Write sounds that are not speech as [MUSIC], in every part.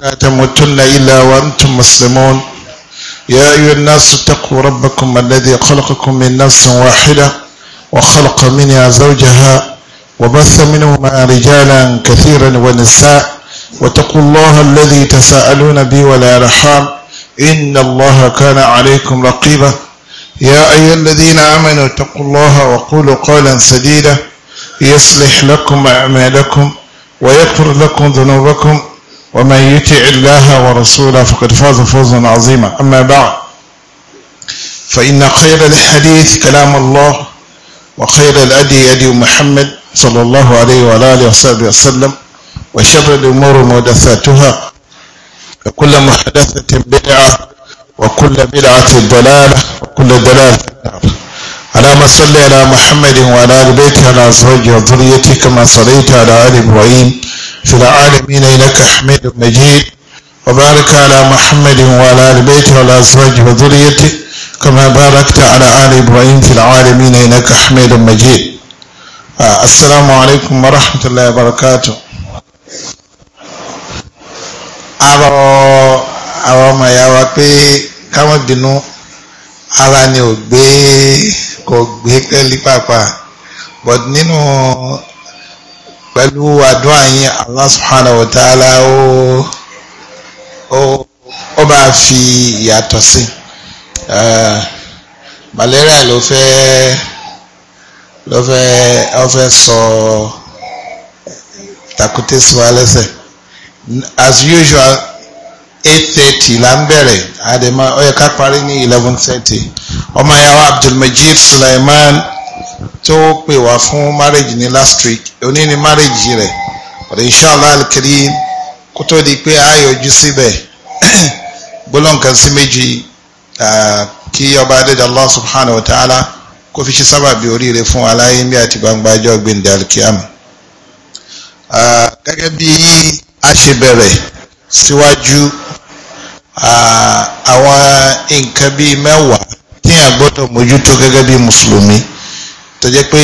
ولا تموتن إلا وأنتم مسلمون يا أيها الناس اتقوا ربكم الذي خلقكم من نفس واحدة وخلق منها زوجها وبث منهما رجالا كثيرا ونساء واتقوا الله الذي تساءلون به والأرحام إن الله كان عليكم رقيبا يا أيها الذين آمنوا اتقوا الله وقولوا قولا سديدا يصلح لكم أعمالكم ويغفر لكم ذنوبكم ومن يطع الله ورسوله فقد فاز فوزا عظيما أما بعد فإن خير الحديث كلام الله وخير الأدي أدي محمد صلى الله عليه وعلى آله وصحبه وسلم وشر الأمور محدثاتها وكل محدثة بدعة وكل بدعة ضلالة وكل ضلالة في النار اللهم صل على محمد وعلى آل بيته وعلى أزواجه وذريته كما صليت على آل إبراهيم في العالمين إنك حميد مجيد وبارك على محمد وعلى آل بيته وعلى أزواجه وذريته كما باركت على آل إبراهيم في العالمين إنك حميد مجيد السلام عليكم ورحمة الله وبركاته àrọ̀ àwọn ọmọ ìyá wa pé káwọn bínú ara ni ò gbé kò gbé pẹ́lí pàápàá but nínú pẹ̀lú àdúrà yín Allah subhanahu wa ta'ala ó ó bá fi ìyàtọ̀ sí eh, malaria ló fẹ́ ló fẹ́ ó fẹ́ sọ takute sí lẹ́sẹ̀ as usual eight thirty la ń bẹ̀rẹ̀ àdèmọ́ ó yẹ ká parí ní eleven thirty ọmọ ìyàwó Abdulmajid Sulaiman tó pè wá fún marriage ní last week òní ni marriage rẹ̀ But inshallah al-karim kó tó di pé ayọ̀jú síbẹ̀ [CLEARS THROAT] gbólóǹkan sí méjì kí ọba adéjà Allah subhanahu wa ta'ala kó fi ṣe sábàbí oríire fún aláyé ní àti gbangba ọjọ́ gbẹ̀ndẹ̀ alkiyama gẹ́gẹ́ bí a ṣe bẹ̀rẹ̀ síwájú àwọn nǹkan bíi mẹ́wàá tí a gbọ́dọ̀ mójútó gẹ́gẹ́ bí mùsùlùmí tó jẹ́ pé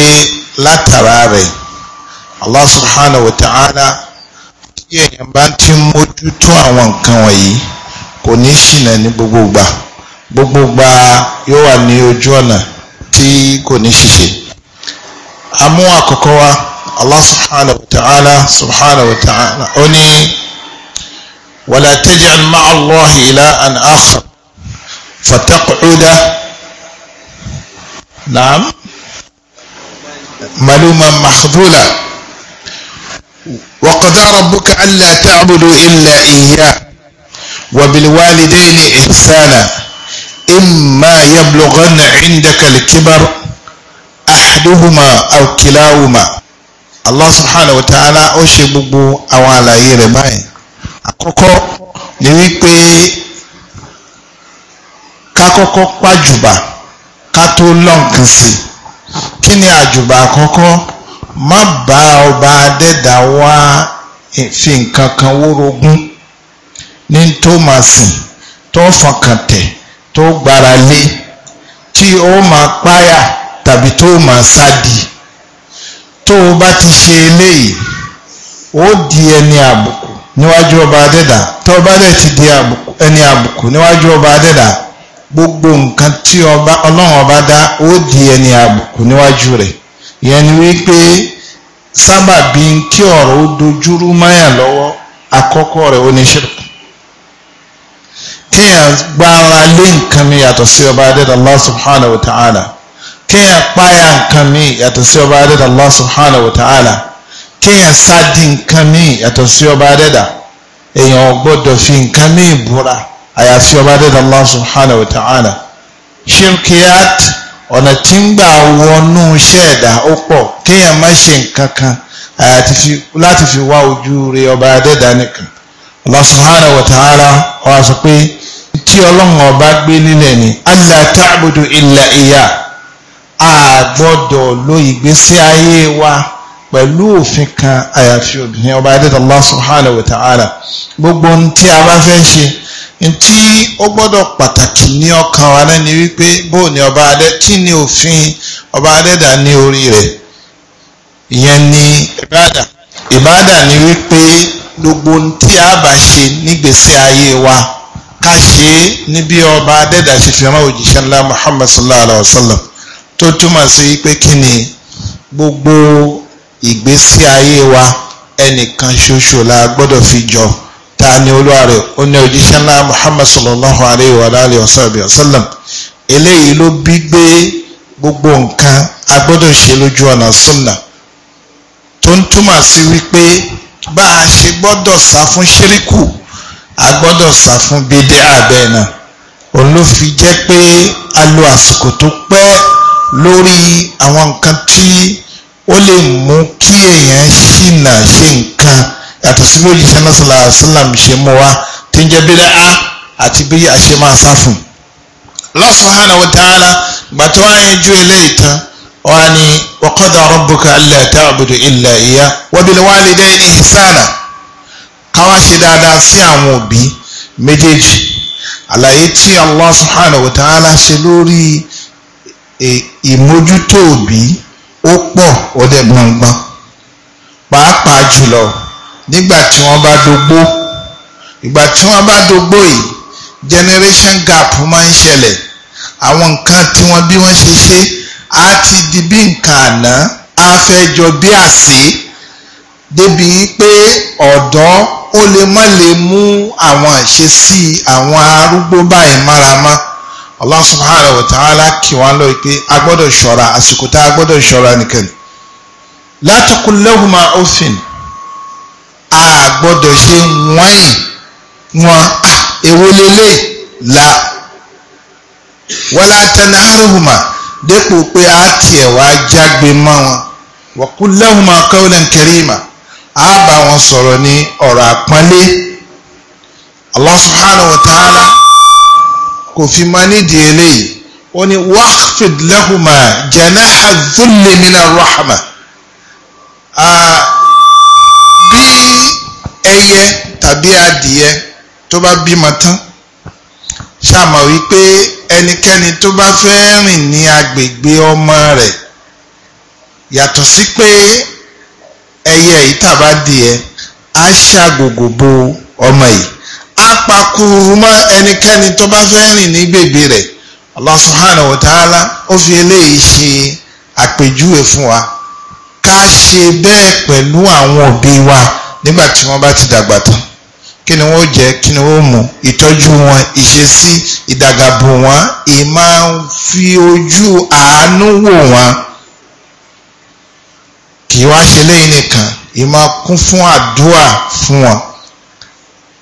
látara rẹ̀ Allah subhanahu wa ta'ala tí èèyàn bá ti mójútó àwọn nǹkan wọ̀nyí kò ní ṣìnà ní gbogbo gbà gbogbo gbà yóò wà ní ojú ọ̀nà tí kò ní ṣiṣẹ́ amú àkọ́kọ́ wa Allah subhanahu wa ta'ala ó ní wala taj'al ma'a Allahi ilahan akhar fataq'uda na'am maluma makhdula wa qada rabbuka alla ta'budu illa iyya wa bil walidayni ihsana imma yablughanna 'indaka al-kibar ahaduhuma aw kilahuma Allah subhanahu wa ta'ala ó ṣe gbogbo àwọn àlàyé rẹ̀ báyìí àkọ́kọ́ ni wípé ká kọ́kọ́ pàjùbà ká tó lọ́nkàn sí i kí ni àjùbà àkọ́kọ́ má bá ọba adẹ́dà wá fi nǹkan kan wórogún ní tó máa sìn tó fọkàn tẹ̀ tó gbára lé tí ó máa páyà tàbí tó máa sádi tó o bá ti ṣe eléyìí ó di ẹni àbùkù níwájú ọba adẹ́dà tó o bá dẹ̀ ti di ẹni àbùkù níwájú ọba adẹ́dà gbogbo nǹkan tí ọlọ́run ọba dá ó di ẹni àbùkù níwájú rẹ̀ ìyẹn ni wípé sábàbí kí ọ̀rọ̀ ó dojúrú máyà lọ́wọ́ àkọ́kọ́ rẹ̀ ó ní ṣírkù kéèyàn gbára lé nǹkan mi yàtọ̀ sí ọba adẹ́dà Allah subhanahu wa ta'ala kéèyàn páyà nǹkan mi yàtọ̀ sí ọba adẹ́dà Allah subhanahu wa ta'ala kéèyàn sáàdì nǹkan mi yàtọ̀ sí ọba adẹ́dà èèyàn ò fi nǹkan mi búra àyàfi ọba dẹ́dà Allah subhanahu wa ta'ala shirkiyat ọ̀nà tí ń gbà wọnú iṣẹ́ ẹ̀dá ó pọ̀ kéèyàn má ṣe nǹkan kan láti fi wá ojú rẹ ọba dẹ́dà nìkan Allah subhanahu wa ta'ala ó wá sọ pé tí ọlọ́run ọba gbé nílẹ̀ ni Allah ta'budu illa iya a gbọ́dọ̀ lo ìgbésí ayé wa pẹ̀lú òfin kan àyàfi obìnrin ọba dẹ́dà Allah subhanahu wa ta'ala gbogbo ohun tí a bá fẹ́ ṣe ntí ó gbọ́dọ̀ pàtàkì ní ọkàn wa lẹ́ni wípé bó ni ọba adé kí ni òfin ọba adẹ́dà ní orí rẹ̀ ìyẹn ni ìbádà ìbádà ni wípé gbogbo tí a bá ṣe nígbèsè ayé wa ká ṣe é ní bí ọba adẹ́dà ṣe fi ọmọ òjíṣẹ́ ńlá Muhammad sallallahu alayhi wa sallam tó túmọ̀ sí wípé kí ni gbogbo ìgbésí ayé wa ẹnìkan ṣoṣo la gbọ́dọ̀ fi jọ ta ni olúwa rẹ̀ ó ní òjíṣẹ́ ńlá muhammad sallallahu alayhi wa alayhi wa sallam sallam eléyìí ló bí gbé gbogbo nǹkan a gbọ́dọ̀ ṣe lójú ọ̀nà sunna tó ń túmọ̀ sí wípé bá a ṣe gbọ́dọ̀ sá fún ṣíríkù a gbọ́dọ̀ sá fún bídé àbẹ́ òun ló fi jẹ́ pé a lo àsìkò tó pẹ́ lórí àwọn nǹkan tí ó lè mú kí èèyàn ṣìnà ṣe nǹkan yàtọ̀ sí bí òjíṣẹ́ náà sọ̀lá sọ́làm ṣe mú wa tí ń jẹ́ bídà á àti bí a ṣe máa sá fún un. Allah subhanahu wa ta'ala gbàtọ́ àyànjú eléyìí tán wọ́n á ní wa qada rabbuka alla ta'budu illa iya wa bil walidayni ihsana káwá ṣe dáadáa sí àwọn òbí méjèèjì àlàyé tí Allah subhanahu wa ta'ala ṣe lórí e, ìmójútó òbí ó pọ̀ ó dẹ̀ gbọ̀ngbọ̀n pàápàá jùlọ nígbà tí wọ́n bá dogbó ìgbà tí wọ́n bá dogbó yìí generation gap máa ń ṣẹlẹ̀ àwọn nǹkan tí wọ́n bí wọ́n ṣe ṣe á ti di bí nǹkan àná á fẹ́ jọ bí àsè débi pé ọ̀dọ́ ó lè má lè mú àwọn àṣesí àwọn arúgbó báyìí mára mọ́ Allah subhanahu wa ta'ala kì wọ́n lọ pé a gbọ́dọ̀ ṣọ́ra àsìkò tá a gbọ́dọ̀ ṣọ́ra nìkan la taqul lahuma uffin a gbọ́dọ̀ ṣe wọ́nyìn wọn èwo lélẹ̀ la wọ́lá tẹ̀lé àrùhùmá dépò pé a tiẹ̀ wá jágbe mọ́ wọn wọ́kúlẹ́hùmá kọ́wọ́lẹ̀ kẹrìmà a bá wọn sọ̀rọ̀ ní ọ̀rọ̀ àpọ́nlé Allah subhanahu wa ta'ala kò fi mọ́ nídìí eléyìí ó ní wáfid lẹ́hùmá janaha dhulli mina rahma bí ẹyẹ tàbí adìyẹ tó bá bímọ tán ṣàmọ̀ wípé ẹnikẹ́ni tó bá fẹ́ rìn ní agbègbè ọmọ rẹ̀ yàtọ̀ sí pé ẹyẹ yìí tàbá dìẹ á ṣàgògò bo ọmọ yìí á pakuru mọ́ ẹnikẹ́ni tó bá fẹ́ rìn ní gbègbè rẹ̀ Allah subhanahu wa ó fi eléyìí ṣe àpèjúwe fún wa ká ṣe bẹ́ẹ̀ pẹ̀lú àwọn òbí wa nígbà tí wọ́n bá ti dàgbà tán kí ni wọ́n jẹ kí ni wọ́n mu ìtọ́jú wọn ìṣesí ìdàgàbò wọn ìmá fi ojú àánú wò wọn kì í wá ṣe lẹ́yìn nìkan ìmá kún fún àdúà fún wọn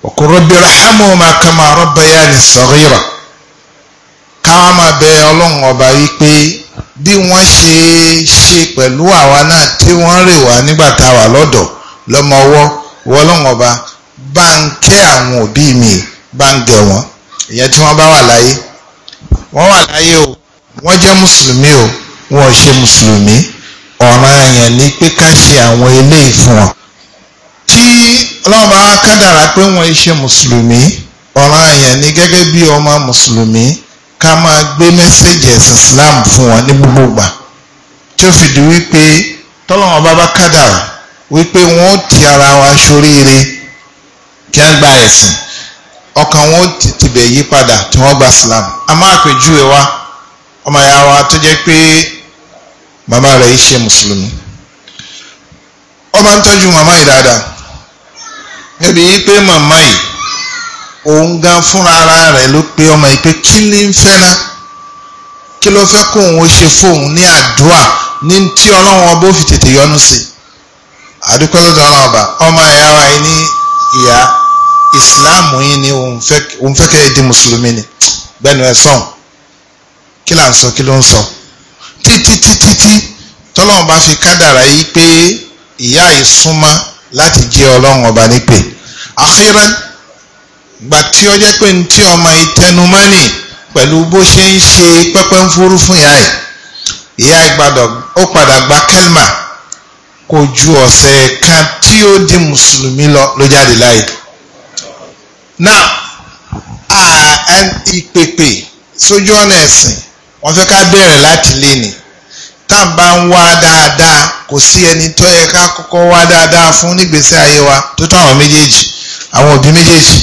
ọkùnrin rabbi rahamuma kama rabbayani saghira káwọn máa bẹ ọlọ́run ọba wípé bí wọ́n ṣe ṣe pẹ̀lú àwa náà tí wọ́n rè wá nígbà tá a wà lọ́dọ̀ọ́ lọ́mọ ọwọ́ wọ́lọ́wọ́n ọba bá ń kẹ́ àwọn òbí mi bá ń gẹ̀ wọ́n ìyẹn tí wọ́n bá wà láyé wọ́n wà láyé o wọ́n jẹ́ mùsùlùmí o wọ́n ṣe mùsùlùmí ọ̀ranyàn ni pé ká ṣe àwọn eléyìí fún wọn tí ọlọ́run bá kádàrá pé wọ́n ṣe mùsùlùmí ọ̀ranyàn ni gẹ́gẹ́ bí ọmọ mùsùlùmí ká máa gbé mẹ́sẹ̀gì ẹ̀sìn Islam fún wọn ní gbogbo ìgbà tí ó fi di wípé tọ́lọ́run bá bá kádàrá wípé wọn ó ti ara wa ṣoríire kí wọn gba ẹ̀sìn ọkàn wọn ó tibẹ̀ yí padà tí wọ́n gba Islam a máa pèjúwe wa ọmọ ìyá wa tó jẹ́ pé màmá rẹ̀ yìí ṣe mùsùlùmí ó máa ń tọ́jú màmá yìí dáadáa níbi pé màmá yìí òun gan fúnra ara rẹ̀ ló pé ọmọ yìí pé kí ni ń fẹ́ náà kí ló fẹ́ kóun ó ṣe fóun ní àdúrà ní tí ọlọ́run ọba ó fi tètè yọ́nú sí i àdúpẹ́ lọ́dọ̀ ọlọ́run ọba ya ìyá wa yìí ní ìyá ìsìláàmù yìí ni òun fẹ́ kẹ́ ẹ di mùsùlùmí ni gbẹ́nu ẹ sọ̀n kí là ń sọ kí ló ń sọ títí títí tí tọ́lọ́run bá fi kádàrá yìí pé ìyá yìí súnmọ́ láti jẹ́ ọlọ́run ọba nípè àkírán gbà tí ó jẹ́ pé tí ọmọ ìtẹnumọ́nì pẹ̀lú bó ṣe ń ṣe pẹ́pẹ́ ń fúrú fún ìyá ẹ̀ ìyá ìgbàdọ̀ ó padà gba kẹ́lmà kò ju ọ̀sẹ̀ kan tí ó di mùsùlùmí lọ ló jáde a náà ìpèpè sójú ọ̀nà ẹ̀sìn wọ́n fẹ́ ká bẹ̀rẹ̀ láti lé ni tá à ń bá ń wá dáadáa kò sí ẹni tó yẹ ká kọ́kọ́ wá dáadáa fún nígbésí ayé wa tó tó àwọn méjèèjì àwọn òbí méjèèjì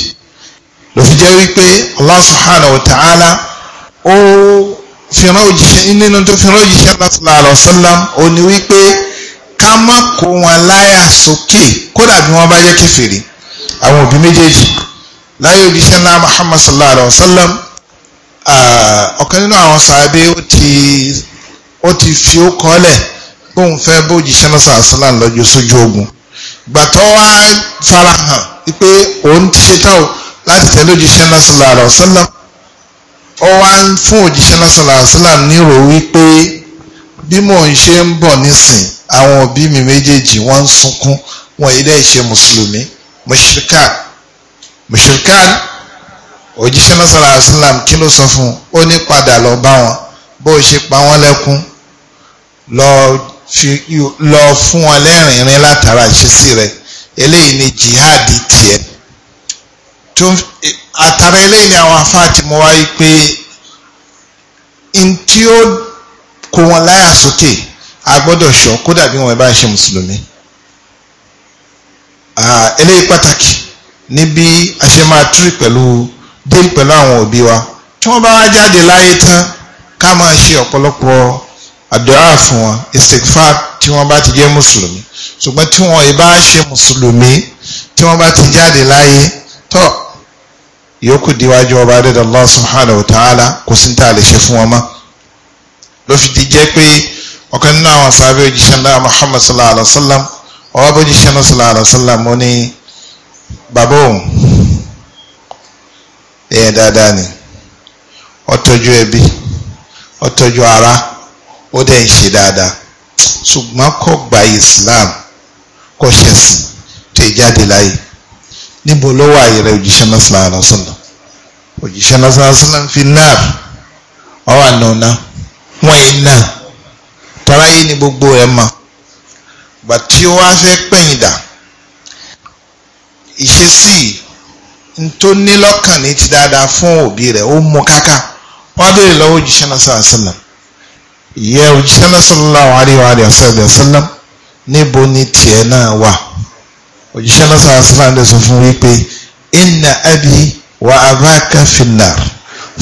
ló fi jẹ́ wípé Allah subhanahu wa ta'ala ó fìràn òjìṣẹ́ nínú tó fìràn òjìṣẹ́ sallallahu alaihi wasallam ó ní wípé ká má kó wọn láyà sókè kódà bí wọ́n bá jẹ́ kèfèrí àwọn òbí méjèèjì láyé òjíṣẹ́ ńlá Muhammad sallallahu alayhi wa sallam ọ̀kan nínú àwọn sàábé ó ti fi ó kọ́lẹ̀ bóun fẹ́ bójíṣẹ́ náà sàásánlá lọ́jọ́ sójú ogun gbàtọ́ wá farahàn pé òun ti ṣetán o láti tẹ̀lé òjíṣẹ́ náà sallallahu alayhi wa sallam ó wá ń fún òjíṣẹ́ náà sallallahu alayhi wa sallam nírò wípé bí mò ń ṣe ń bọ̀ nísìn àwọn òbí mi méjèèjì wọ́n ń sunkún wọ́n ilé ìṣe mùsùlùmí mushrikan mushrikan òjíṣẹ́ náà sọ̀rọ̀ àṣìlám kí ló sọ fún un ó ní padà lọ bá wọn bó ṣe pa wọ́n lẹ́kún lọ fún wọn lẹ́rìnrín látara ìṣesí rẹ̀ eléyìí ni jihad tiẹ̀ àtàrà eléyìí ni àwọn afá ti mú wáyé pé n ó kó wọn láyà sókè. Okay a gbọ́dọ̀ ṣọ́ kódà bí wọ́n bá ń ṣe mùsùlùmí eléyìí pàtàkì ní bí a ṣe máa tírì pẹ̀lú dín pẹ̀lú àwọn òbí wa tí wọ́n bá wá jáde láyé tán ká máa ṣe ọ̀pọ̀lọpọ̀ àdúrà fún wọn istighfar tí wọ́n bá ti jẹ́ mùsùlùmí ṣùgbọ́n tí wọ́n ì bá ṣe mùsùlùmí tí wọ́n bá ti jáde láyé tọ́ yòókù díwájú ọba adédọ̀lá subhanahu wa ta'ala kò sí ní tá a lè ṣe fún wọn mọ́ ló fi ti jẹ́ pé ọ̀kan nínú àwọn sábẹ́ òjíṣẹ́ náà Muhammad sallallahu alayhi wa sallam ọwọ́ abójíṣẹ́ náà sallallahu alayhi wa sallam ó ní bàbá òun èèyàn dáadáa ni ó tọ́jú ẹbí ó tọ́jú ara ó dẹ̀ ń ṣe dáadáa ṣùgbọ́n kò gba Islam kò ṣẹ̀sìn tó jáde láyé níbo ló wà ayẹyẹ òjíṣẹ́ náà sallallahu alayhi wa sallam òjíṣẹ́ náà sallallahu alayhi wa sallam fi náà ọwọ́ àná náà wọ́n yìí náà taráyé ni gbogbo ẹ̀ mọ̀ gbà tí ó wá fẹ́ pẹ̀yìn dà ìṣesí n tó ní lọ́kàn ní ti dáadáa fún òbí rẹ̀ ó mú káká wọ́n á béèrè lọ́wọ́ òjíṣẹ́ náà sọ̀rọ̀ sílẹ̀ ìyẹ́ òjíṣẹ́ náà sallallahu alaihi wa sallam níbo ni tiẹ̀ náà wà òjíṣẹ́ náà sọ̀rọ̀ sílẹ̀ ń dẹ̀sọ̀ fún wípé inna abi wa abaka finnar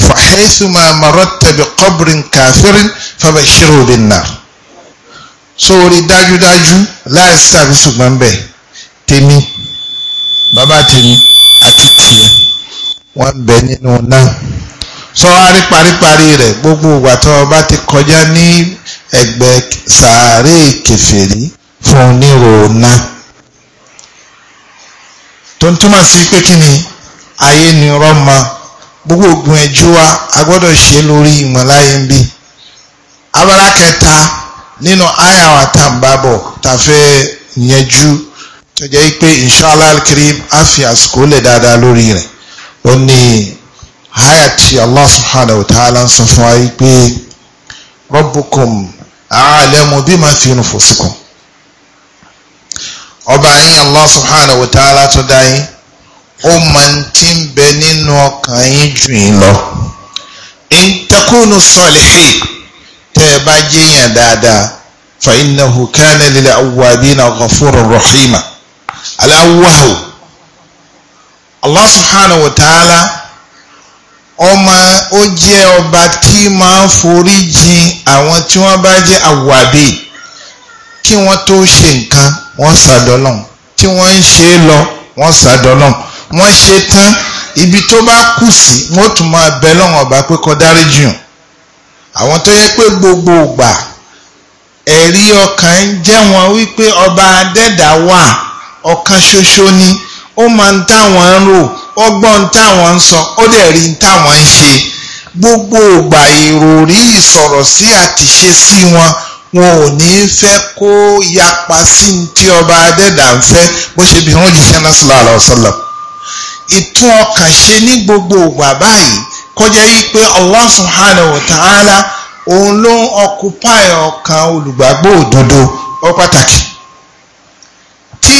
fa haythuma marratta bi qabrin kafirin fabashirhu bin nar sórí dájúdájú láìsí tàbí ṣùgbọ́n bẹ́ẹ̀ tèmi bàbá tèmi àti tiẹ̀ wọ́n bẹ nínú náà sọ aríparíparí rẹ̀ gbogbo ìgbà tó o bá ti kọjá ní ẹ̀gbẹ́ sàárè kẹfẹ́rí fún oníròóná tó ń túmọ̀ sí pé kí ni ayé ni rọ́mọ gbogbo ògùn ẹ̀jú wa a gbọ́dọ̀ ṣe lórí ìmọ̀láyé ń bí abala kẹta nínú àyà wa tá n bá bọ̀ tá fẹ́ yanjú tó jẹ́ pé inshallah al-karim á fi àsìkò lè dáadáa lórí rẹ̀ ó ní àyà tí allah subhanahu wa ta'ala ń sọ fún wa pé rabbukum a'lamu bima fi nufusikum ọba yín allah subhanahu wa ta'ala tó dá yín ó máa ń ti ń bẹ nínú ọkàn yín jù yín lọ in takunu tẹ́ ẹ bá jẹ́yàn dáadáa fa innahu kana lil awwabina ghafurur rahima aláwáhù Allah subhanahu wa ta'ala ọmọ ó jẹ́ ọba tí máa ń forí jìn àwọn tí wọ́n bá jẹ́ awwabi kí wọ́n tó ṣe nǹkan wọ́n sàdọ́lọ́n tí wọ́n ń ṣe é lọ wọ́n sàdọ́lọ́n wọ́n ṣe tán ibi tó bá kù sí wọ́n tún máa bẹ lọ́wọ́n ọba pé kó dáríjì hàn àwọn tó yẹ pé gbogbo ìgbà ẹ̀rí ọkàn ń jẹ́ wọn wípé ọba adẹ́dà wà ọ̀kan ṣoṣo ni ó máa ń táwọn ń rò ó gbọ́ ń táwọn ń sọ ó dẹ̀ rí ń táwọn ń ṣe gbogbo ìgbà ìròrí ìsọ̀rọ̀ sí àti ṣe sí wọn wọn ò ní fẹ́ kó yapa sí tí ọba adẹ́dà ń fẹ́ bó ṣe bí wọ́n jíṣẹ́ náà sallallahu alaihi wasallam ìtún ọkàn ṣe ní gbogbo ìgbà báyìí kọjá yìí pé Allah subhanahu wa ta'ala òun ló ń occupy ọkàn olùgbàgbọ́ òdodo ó pàtàkì tí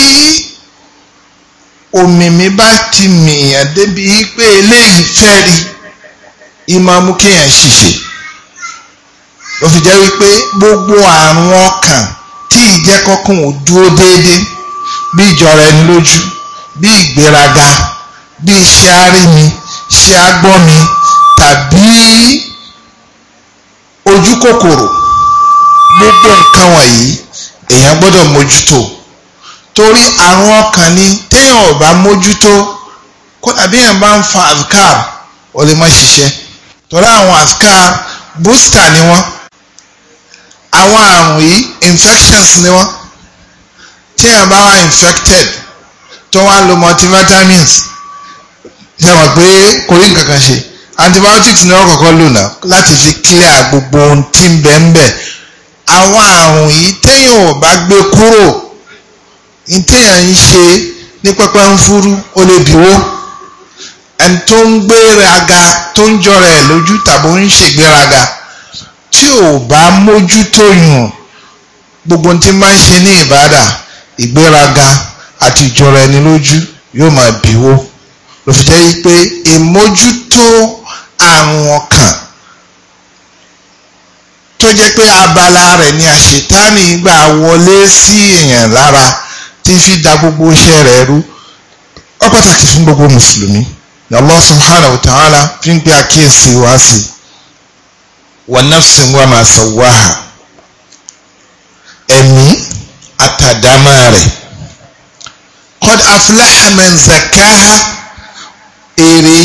òmìmí bá ti mìíyàn débi pé eléyìí fẹ́ rí ìmọ̀mú kéèyàn ṣìṣe ó fi jẹ́ wípé gbogbo àrùn ọkàn tí ìjẹ́kọ́kùn ò dúró déédéé bí ìjọra ẹni lójú bí ìgbéraga bí iṣẹ́ iṣẹ́ ní ojú kòkòrò gbogbo nǹkan wọ̀nyí èèyàn gbọ́dọ̀ mójútó torí àrùn ọkàn ni téèyàn ò bá mójútó kódà bí èèyàn bá ń fa azkar ó lè má ṣiṣẹ́ torí àwọn azkar booster ni wọ́n àwọn àrùn yìí infections ni wọ́n téèyàn bá wà infected tó wá lo multivitamins ṣe mọ̀ pé kò rí nǹkan kan ṣe antibiotics ni wọ́n kọ́kọ́ lò náà láti fi clear gbogbo ohun tí ń bẹ ń bẹ àwọn àrùn yìí téèyàn ò bá gbé kúrò ní téèyàn ń ṣe ní pẹpẹ ń furu ó lè bíwó ẹni tó ń gbéraga tó ń jọra ẹ̀ lójú tàbí ó ń ṣègbéraga tí ò bá mójútó yùn gbogbo ohun tí máa ń ṣe ní ìbádà ìgbéraga àti ìjọra ẹni lójú yóò máa bíwó ló fi pé ìmójútó àrùn ọkàn tó jẹ́ pé abala rẹ̀ ni àṣetánì gbà wọlé sí èèyàn lára tí fi da gbogbo iṣẹ́ rẹ̀ rú ó pàtàkì fún gbogbo mùsùlùmí ni Allah subhanahu wa ta'ala fi ń gbé àkíyèsí wá sí wa nafsin wa emi. sawwaha ẹ̀mí àtàdámà rẹ̀ qad aflaha man zakaha èrè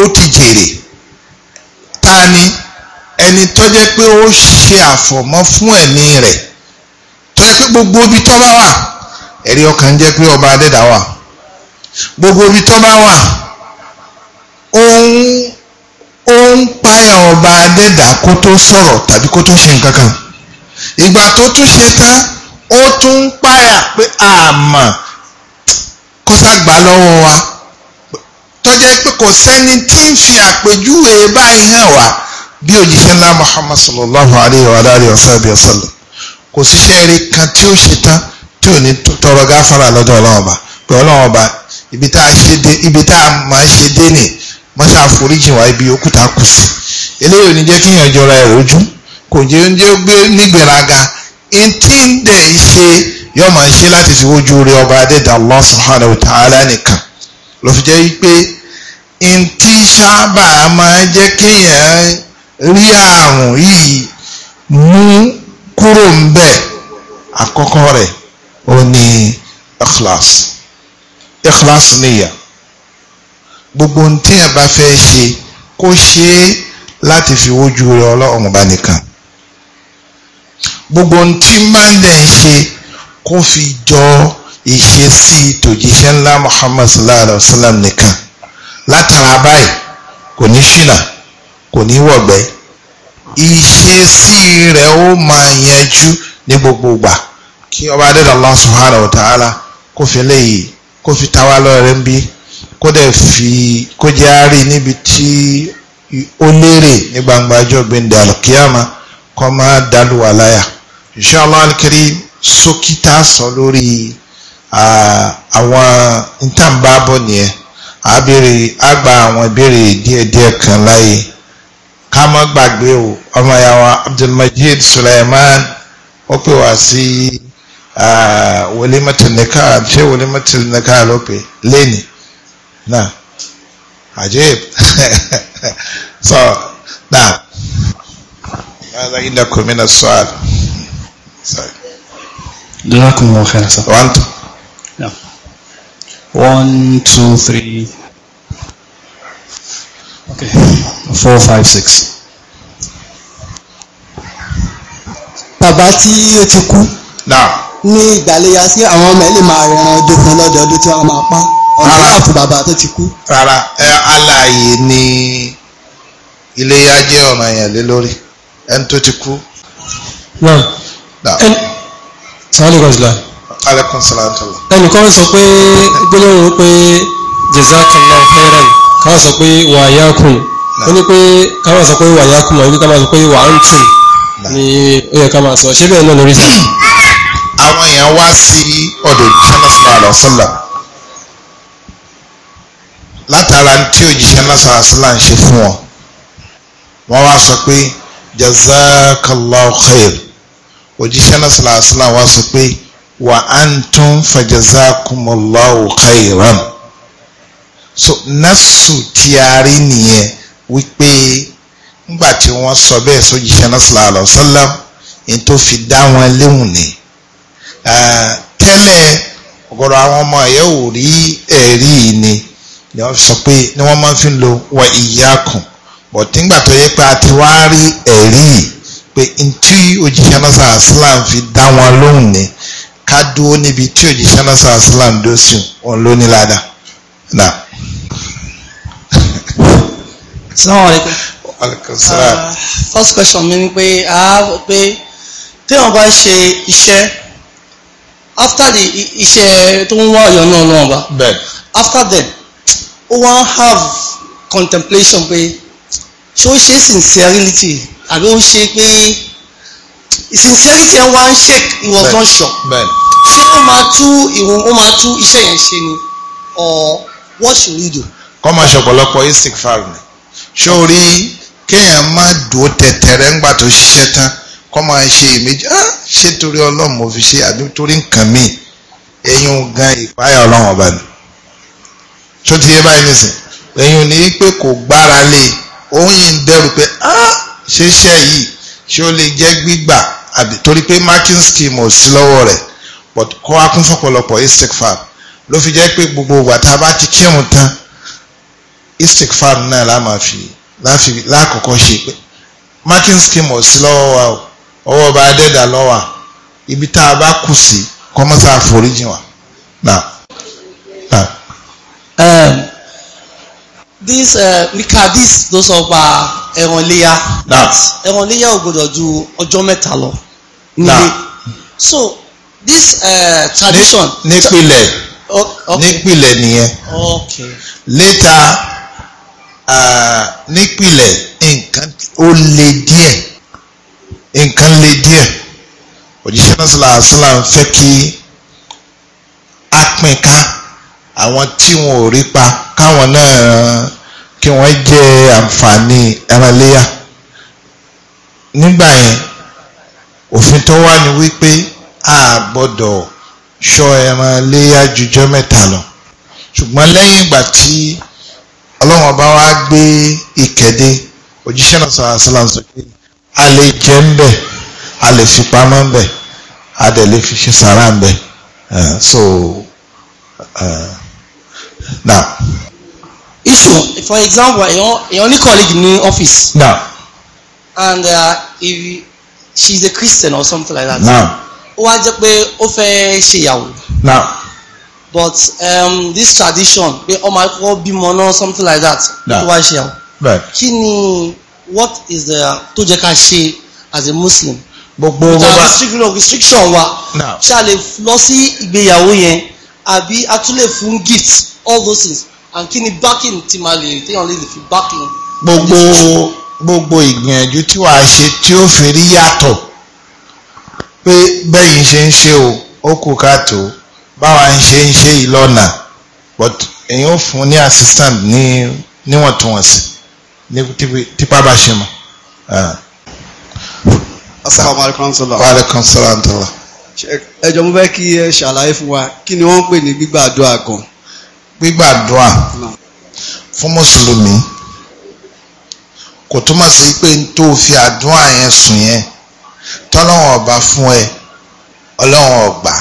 ó ti jèrè. ta ni ẹni tó jẹ́ pé ó ṣe àfọ̀mọ́ fún ẹ̀mí rẹ̀ tó jẹ́ pé gbogbo ibi tó bá wà ẹ̀rí ọkàn jẹ́ pé ọba adẹ́dá wà gbogbo ibi tó bá wà òun òun páyà ọba adẹ́dá kó tó sọ̀rọ̀ tàbí kó tó ṣe nǹkan kan ìgbà tó tún ṣe tán ó tún ń pé àmọ́ kọ́sàgbà lọ́wọ́ wa tọ́jẹ́ pé kò sẹ́ni tí ń fi àpèjúwe báyìí hàn wá bí òjíṣẹ́ ńlá Muhammad sallallahu alayhi wa alayhi wa sallam wa sallam kò síṣẹ́ eré kan tí ó ṣe tán tí ò ní tọrọ gáfárà lọ́dọ̀ ọlọ́run ọba pé ọlọ́run ọba ibi tá a ṣe dé ibi tá a máa ṣe dé nì mọ́ṣá àforíjìn wá ibi òkúta kù sí eléyìí ò ní jẹ́ kíyàn jọra ẹ̀ lójú kò jẹ́ oúnjẹ gbé nígbèraga ntí ń dẹ̀ ṣe yọ máa ṣe láti fi wojú rẹ ọba adẹ́dàá Allah subhanahu wa ta'ala nìkan ló fi jẹ́ wípé n tí sábà máa jẹ́ kéèyàn rí àrùn yìí mú kúrò ń bẹ̀ àkọ́kọ́ rẹ̀ ó ní ikhlas ikhlas níyà gbogbo n tí yẹn bá fẹ́ ṣe kó ṣe é láti fi wójú rẹ ọlọ́run bá nìkan gbogbo n tí máa ń dẹ̀ ṣe kó fi jọ ọ́ ìṣesí tòjíṣẹ́ ńlá Muhammad sallallahu alayhi wa sallam nìkan látara báyìí kò ní ṣìnà kò ní wọ̀gbẹ́ ìṣesí rẹ̀ ó máa yanjú ní gbogbo ìgbà kí ọba adéda Allah subhanahu wa ta'ala kó fi léyìí kó fi táwa lọ́rẹ́ ń bí kó dẹ̀ fi kó jẹ́ àárí níbi tí ó lérè ní gbangba ọjọ́ gbẹ̀ndẹ̀ alkiyama kọ́ máa dálùwà láyà inshallah alikiri sókítà sọ lórí. Ah, àwọn ntàǹbàbọ̀ nìyẹn àbèrè àgbà àwọn ìbéèrè díẹ̀díẹ̀ kan láàyè ká má gbàgbé o ọmọ ya wa Abdulmajid Suleiman ó pè wá sí ah, walimatul nikah ṣé walimatul nikah ló pè lẹ́nì náà ajib [LAUGHS] so náà. هذا عندكم من السؤال جزاكم الله خيرا وانتم No. One, two, three. Okay. Four, five, six. Bàbá tí ó ti kú. Ní ìgbàlẹ́yà sí àwọn ọmọ ẹ̀ lè máa rẹran ọdún kan lọ́dọọdún tí wọ́n máa pa. Ọ̀dọ́ àti bàbá tó ti kú. Rárá ẹ alààyè ni iléyà jẹ́ ọ̀nà yẹn lé lórí ẹni tó ti kú. Náà. Náà. Sàlẹ̀ kọ́sílẹ̀ alaikum salatu wa. ẹnìkan sọ pé gbólóhùn pé jazakallahu khairan káwọn sọ pé wa yakum ó ní pé káwọn sọ pé wa yakum àbí káwọn sọ pé wa antum ni ó yẹ ká máa sọ ṣé bẹ́ẹ̀ náà lórí sá. àwọn èèyàn wá sí ọ̀dọ̀ sẹ́nẹ́sìlá àlọ́sọ́là látara tí òjíṣẹ́ náà sàásìlá ń ṣe fún ọ wọ́n wá sọ pé jazakallahu khair òjíṣẹ́ náà sàásìlá wá sọ pé wa antum fajazakumullahu khairan so nasu ti a rí nìyẹn wípé nígbà tí wọ́n sọ bẹ́ẹ̀ sójíṣẹ́ náà sallallahu alaihi wasallam ní tó fi dá wọn léhùn ni tẹ́lẹ̀ ọ̀gọ̀rọ̀ àwọn ọmọ ẹ̀yẹ́ ò rí ẹ̀rí ni ni wọ́n sọ pé ni wọ́n máa fi lo wa iyyakum bọ̀tí nígbà tó yẹ pé a ti wá rí ẹ̀rí pé ntí òjíṣẹ́ náà sallallahu fi dá wọn lóhùn ni ká dúró níbi tí òjíṣẹ́ náà sọ̀rọ̀ sílám dó sí òun ló ní ládà. salaamaleykum. Uh, first question mi ni pé a pé téèyàn bá ṣe iṣẹ́ after the iṣẹ́ tó ń wá ọ̀yọ́ náà lọ́wọ́ bá after then ó wá ń have contemplation pé ṣé ó ṣe sincerity àbí ó ṣe pé sincerity ẹ̀ wá ń shake he was not sure ṣé ó máa tú ìwọ̀n ó máa tú iṣẹ́ yẹn ṣe ni or what should we do. kọ́ máa ṣọ̀pọ̀lọpọ̀ istikfar ni ṣó rí kéèyàn má dùn tẹ̀tẹ̀rẹ̀ ńgbà tó ṣiṣẹ́ tán kọ́ máa ṣe ìmejì ah ṣé torí ọlọ́run mo fi ṣe àbí torí nǹkan míì ẹ̀yin gan ìpáyà ọlọ́run ọba ni ṣó ti yé báyìí nìsín ẹ̀yin ò ní pé kò gbára lé òun e. yìí ń dẹ́rù pé ah ṣe iṣẹ́ yìí ṣé ó lè jẹ́ gbígbà àbí torí pé marking scheme ò sí lọ́wọ́ rẹ̀ but kọ́ wa kún fọ́pọ̀lọpọ̀ istikfar ló fi jẹ́ pé gbogbo ìgbà tá a bá ti kírun tán istikfar náà la máa fi lákòókò ṣe pé marking scheme ò sí lọ́wọ́ wa o ọwọ́ bá dẹ́dà lọ́wọ́ ibi tá a bá kù sí kọ́mọ́sá àforíjì wa. Um, this uh, mika this ló sọ pa ẹran léyà ẹran léyà ò gbọdọ̀ ju ọjọ́ mẹ́ta lọ nílé so this uh, tradition. nípìlẹ̀ nípìlẹ̀ nìyẹn later uh, nípìlẹ̀ nǹkan ó le díẹ̀ nǹkan le díẹ̀ òjíṣẹ́ náà sọ̀rọ̀ àṣìlá ń fẹ́ kí a pín ká àwọn tí wọn ò rí pa káwọn náà kí wọ́n jẹ àǹfààní ẹranléyà nígbà yẹn òfin tó wà ní wípé a gbọ́dọ̀ ṣọ́ ẹranléyà jùjọ́ mẹ́ta lọ ṣùgbọ́n lẹ́yìn ìgbà tí ọlọ́run ọba wa gbé ìkéde òjíṣẹ́ náà sọ̀rọ̀ àṣàlàn sókè a lè jẹ ń bẹ̀ a lè fi pamọ́ ń bẹ̀ a dẹ̀ lè fi ṣe sàrà ń bẹ̀ so. Uh, now. issue for example your your only colleague in the office. now. and uh, if she is a Christian or something like that. now. ó wá jẹ́ pé ó fẹ́ ṣèyàwó. now. but um, this tradition pé ọmọ akọ́kọ́ bímọ náà something like that. now ó wá ṣèyàwó. right. kí ni what is the tó jẹ́ ká ṣe as a Muslim. gbogbo ọba restriction wa. now. ṣáà lè lọ sí ìgbéyàwó yẹn àbí a tún lè fún gift all those things and kí ni backing ti máa lè téèyàn lè fi backing. gbogbo gbogbo ìgbìyànjú tí wàá ṣe tí ó fi rí yàtọ̀ pé bẹ́yìn ṣe ń ṣe o ó kù káàtó báwa ń ṣe ń ṣe ìlọ́nà but èyí ó fún ní assistant ní níwọ̀ntúnwọ̀nsì ní tipa bá ṣe mọ́. asalaamualeykum ah. wa rahmatulah. wa rahmatulah ẹ jọ̀ọ́ mo fẹ́ kí ẹ ṣàlàyé fún wa kí ni wọ́n ń pè ní gbígbàdúrà gan. gbígbàdúrà fún mùsùlùmí kò túmọ̀ sí pé tó fi àdúrà yẹn sùn yẹn tọ́lọ́wọ̀n ọba fún ẹ ọlọ́wọ̀n ọgbà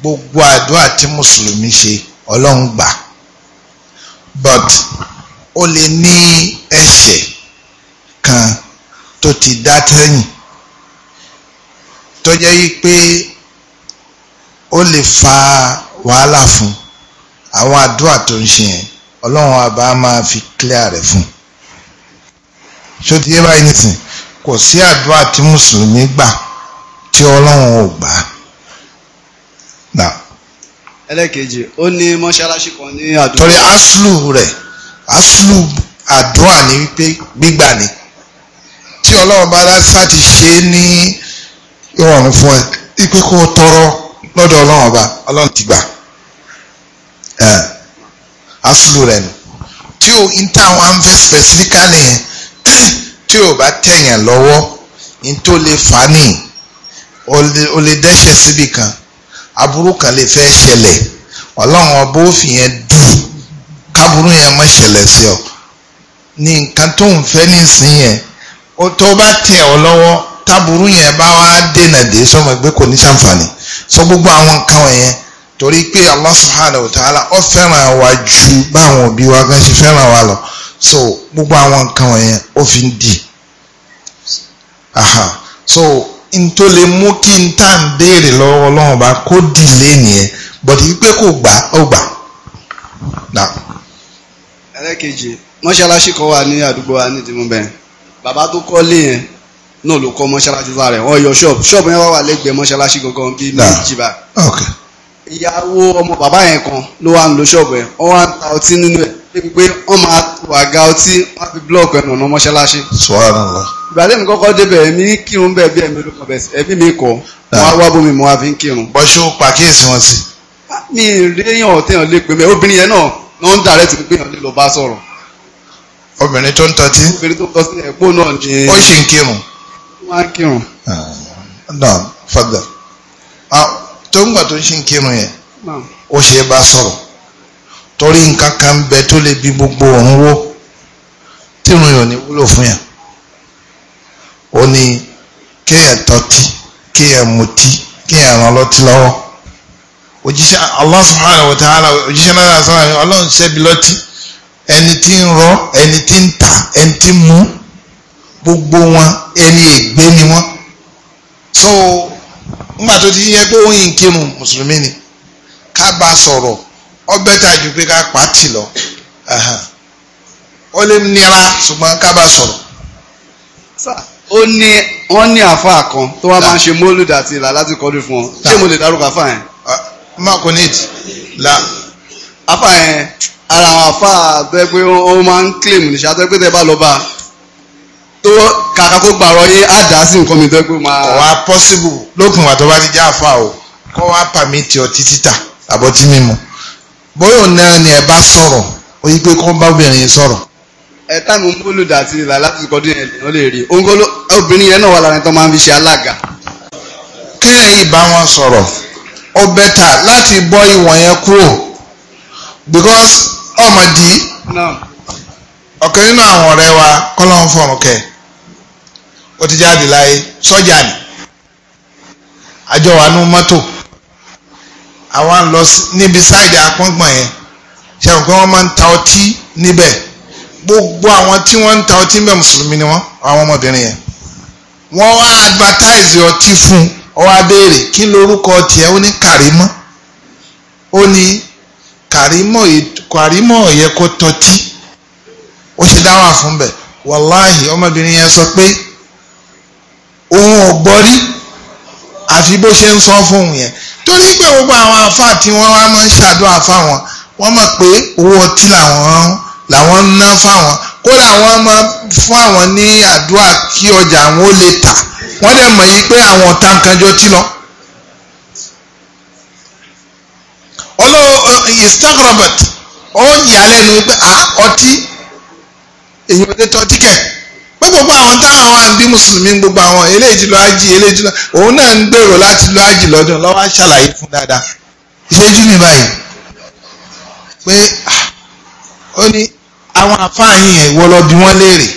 gbogbo àdúrà tí mùsùlùmí ṣe ọlọ́run gbà but ó lè ní ẹ̀ṣẹ̀ kan tó ti dá tẹ́yìn tó jẹ́ yí pé ó lè fa wàhálà fún àwọn àdúrà tó ń ṣe yẹn ọlọ́run àbá máa fi clear rẹ̀ fún ṣó ti yé báyìí nísìn kò sí àdúrà tí mùsùlùmí gbà tí ọlọ́run ò gbà ẹlẹ́kejì ó ní mọ́ṣáláṣí kan ní àdúgbò. torí aṣlù rẹ̀ aṣlù àdúrà ni wípé gbígbà ni tí ọlọ́run bá dá sá ti ṣe é ní ìrọ̀rùn fún ẹ ipe kó tọrọ lọ́dọ̀ ọlọ́run ọba ọlọ́run ti gbà asúlù rẹ̀ nù tí o níta àwọn afẹ́ specifically yẹn [CLEARS THROAT] tí o bá tẹ̀yàn lọ́wọ́ ní tó lè fà á nìyí o lè dẹ́ṣẹ̀ síbì kan aburú kan lè fẹ́ ṣẹlẹ̀ ọlọ́run ọba ó fi yẹn dù káburú yẹn má ṣẹlẹ̀ sí ọ ní nǹkan tó ń fẹ́ nísìnyí tó bá tẹ̀ ọ lọ́wọ́ táburú yẹn bá wá dènà dé sọ́mọ pé kò ní sàǹfààní sọ gbogbo àwọn nǹkan wọ̀nyẹn torí pé Allah subhanahu wa ta'ala ó fẹ́ràn wa ju báwọn òbí wa gan ṣe fẹ́ràn wa lọ so gbogbo àwọn nǹkan wọ̀nyẹn ó fi ń dì aha so n tó lè mú kí n tá à ń béèrè lọ́wọ́ ọlọ́run bá kó dì lé nìyẹn bọ̀dì wípé kò gbà ó gbà. ẹlẹ́kejì mọ́ṣáláṣí kan wà ní àdúgbò wa nídìí mú bẹ́ẹ̀ bàbá tó kọ́ lé yẹn náà ló kọ́ mọ́ṣáláṣí fúnra rẹ̀ wọ́n yọ ṣọ́ọ̀bù ṣọ́ọ̀bù yẹn wá wà lẹ́gbẹ̀ẹ́ mọ́ṣáláṣí gangan bíi méjì bá. ìyàwó ọmọ bàbá yẹn kan ló wà ń lo ṣọ́ọ̀bù yẹn wọ́n wá ń ta ọtí nínú ẹ̀ débi pé wọ́n máa wà ga ọtí wọ́n fi blọọkù ẹnu ọ̀nà mọ́ṣáláṣí. ìgbàlẹ́ mi kọ́kọ́ débẹ̀ ẹ̀mí kírun bẹ́ẹ̀ bí ẹ̀mí ló kọ̀ bẹ̀ ẹ̀mí mi kọ̀ wọ́n á wá bómi mo ah, mi ìrẹ́yìn ọ̀tẹ̀yàn lè pè mí obìnrin yẹn náà ló ń dàrẹ́ ti pé èèyàn lè lọ bá sọ̀rọ̀. obìnrin tó ń wọ́n á kírun. náà fada tó ń gbà tó ń ṣe ń kírun yẹn ó ṣe é bá sọ̀rọ̀ torí nǹkan kan ń bẹ tó lè bí gbogbo òun wó tírun yóò ní wúlò fún yàn ó ní kéèyàn tọ́tí kéèyàn mutí kéèyàn ràn lọ́tí lọ́wọ́ òjíṣẹ́ Allah subhanahu wa ta'ala òjíṣẹ́ náírà sọ́nà ọlọ́run ṣẹ́bi lọ́tí ẹni tí ń rọ ẹni tí ń tà ẹni tí ń mú gbogbo wọn ẹni ègbé ni wọn so nígbà tó ti yẹ pé òun yìí kírun mùsùlùmí ni ká bá sọ̀rọ̀ ọbẹ̀ tá a ju pé ká pa á tì lọ ó lè nira ṣùgbọ́n ká bá sọ̀rọ̀. ó ní wọ́n ní àáfàá kan tó wá máa ń ṣe mólúdì àti ìlà láti kọ́dún fún ọ ṣé mo lè dárúkọ àáfàá yẹn. marco nate la. àáfàá yẹn ara àwọn àáfàá tó pé ó máa ń claim níṣẹ́ àtọ́ pé tẹ́ bá lọ bá a tó kàkà kó gbàrọ̀ yé á dà sí nǹkan mi tó gbé máa. kọ̀ wá pọ́síbù lókun wà tó bá ti jẹ́ àfa o kọ́ wá pàmìtì ọtí títà àbọ̀tí mímu bóyá òun náà ni ẹ bá sọ̀rọ̀ ó yí pé kọ́ bá obìnrin sọ̀rọ̀. ẹ táàmù mólúdà àti ìlà láti kọdún yẹn lè lè rí obìnrin yẹn náà wà lára tó máa ń fi ṣe alága. kéèyàn yìí bá wọn sọ̀rọ̀ ó bẹ́tà láti bọ́ ìwọ̀n yẹn kúrò because ọmọdé ọ̀kan nínú àwọn ọ̀rẹ́ wa kọ́lọ́hún fọ̀rùn kẹ́ẹ̀ ó ti jáde láyé sọ́jà ni àjọ wà nú mọ́tò àwa ń lọ níbi sáìdì apọ́ngbọ̀n yẹn ṣẹ́wọ̀n pé wọ́n máa ń ta ọtí níbẹ̀ gbogbo àwọn tí wọ́n ń ta ọtí níbẹ̀ mùsùlùmí ni wọ́n àwọn ọmọbìnrin yẹn wọ́n wá advertise ọtí fún un ó wá béèrè kí lorúkọ ọtí ẹ ó ní kàrímọ́ ó ní kàrímọ́ yẹ kó tọ́tí ó ṣe dáwà fún bẹ̀ wàláhì ọmọbìnrin yẹn sọ pé òun ò gbọ́ rí àfi bó ṣe ń sọ fún òun yẹn torí pé gbogbo àwọn àfáà tí wọ́n wá máa ń ṣàdúrà fáwọn wọ́n mọ̀ pé owó ọtí làwọn làwọn ń ná fáwọn kódà wọ́n máa fún àwọn ní àdúrà kí ọjà àwọn ó lè tà wọ́n dẹ̀ mọ̀ yí pé àwọn ọ̀tá nǹkan jọ tí lọ. olóò isaac robert ó yà lẹ́nu pé ọtí èyí ò lè tọ́ tíkẹ̀ ó gbogbo àwọn táwọn wà ń bí mùsùlùmí gbogbo àwọn eléyìí ti lọ ájì eléyìí ti lọ òun náà ń gbèrò láti lọ ájì lọ́dún lọ́wọ́ á ṣàlàyé fún dáadáa ìṣẹ́jú mi báyìí pé ah, ó ní àwọn àfáàyàn yẹn ìwọ lọ bí wọ́n léèrè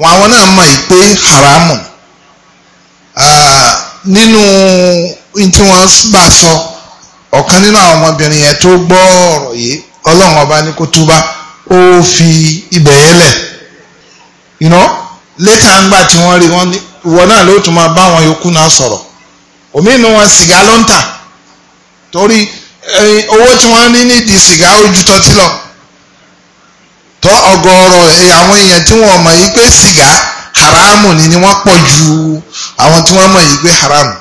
wọn àwọn náà mọ̀ yìí pé haramu ah, nínú tí wọ́n bá sọ ọ̀kan nínú àwọn ọmọbìnrin yẹn tó gbọ́ ọ̀rọ̀ yìí ọlọ́run ọba ní kó túbá ó fi ibẹ̀ yẹn lẹ̀ you know later ń gbà tí wọ́n rí wọ́n ní ìwọ náà ló tún máa bá àwọn yòókù náà sọ̀rọ̀ òmí inú wọn sìgá ló ń tà torí eh, owó tí wọ́n ní nídìí sìgá ojú tọ́tí lọ tọ́ ọ̀gọ̀ọ̀rọ̀ eh, àwọn èèyàn tí wọ́n mọ̀ yìí pé sìgá haramu ni ni wọ́n pọ̀ ju àwọn tí wọ́n mọ̀ yìí pé haramu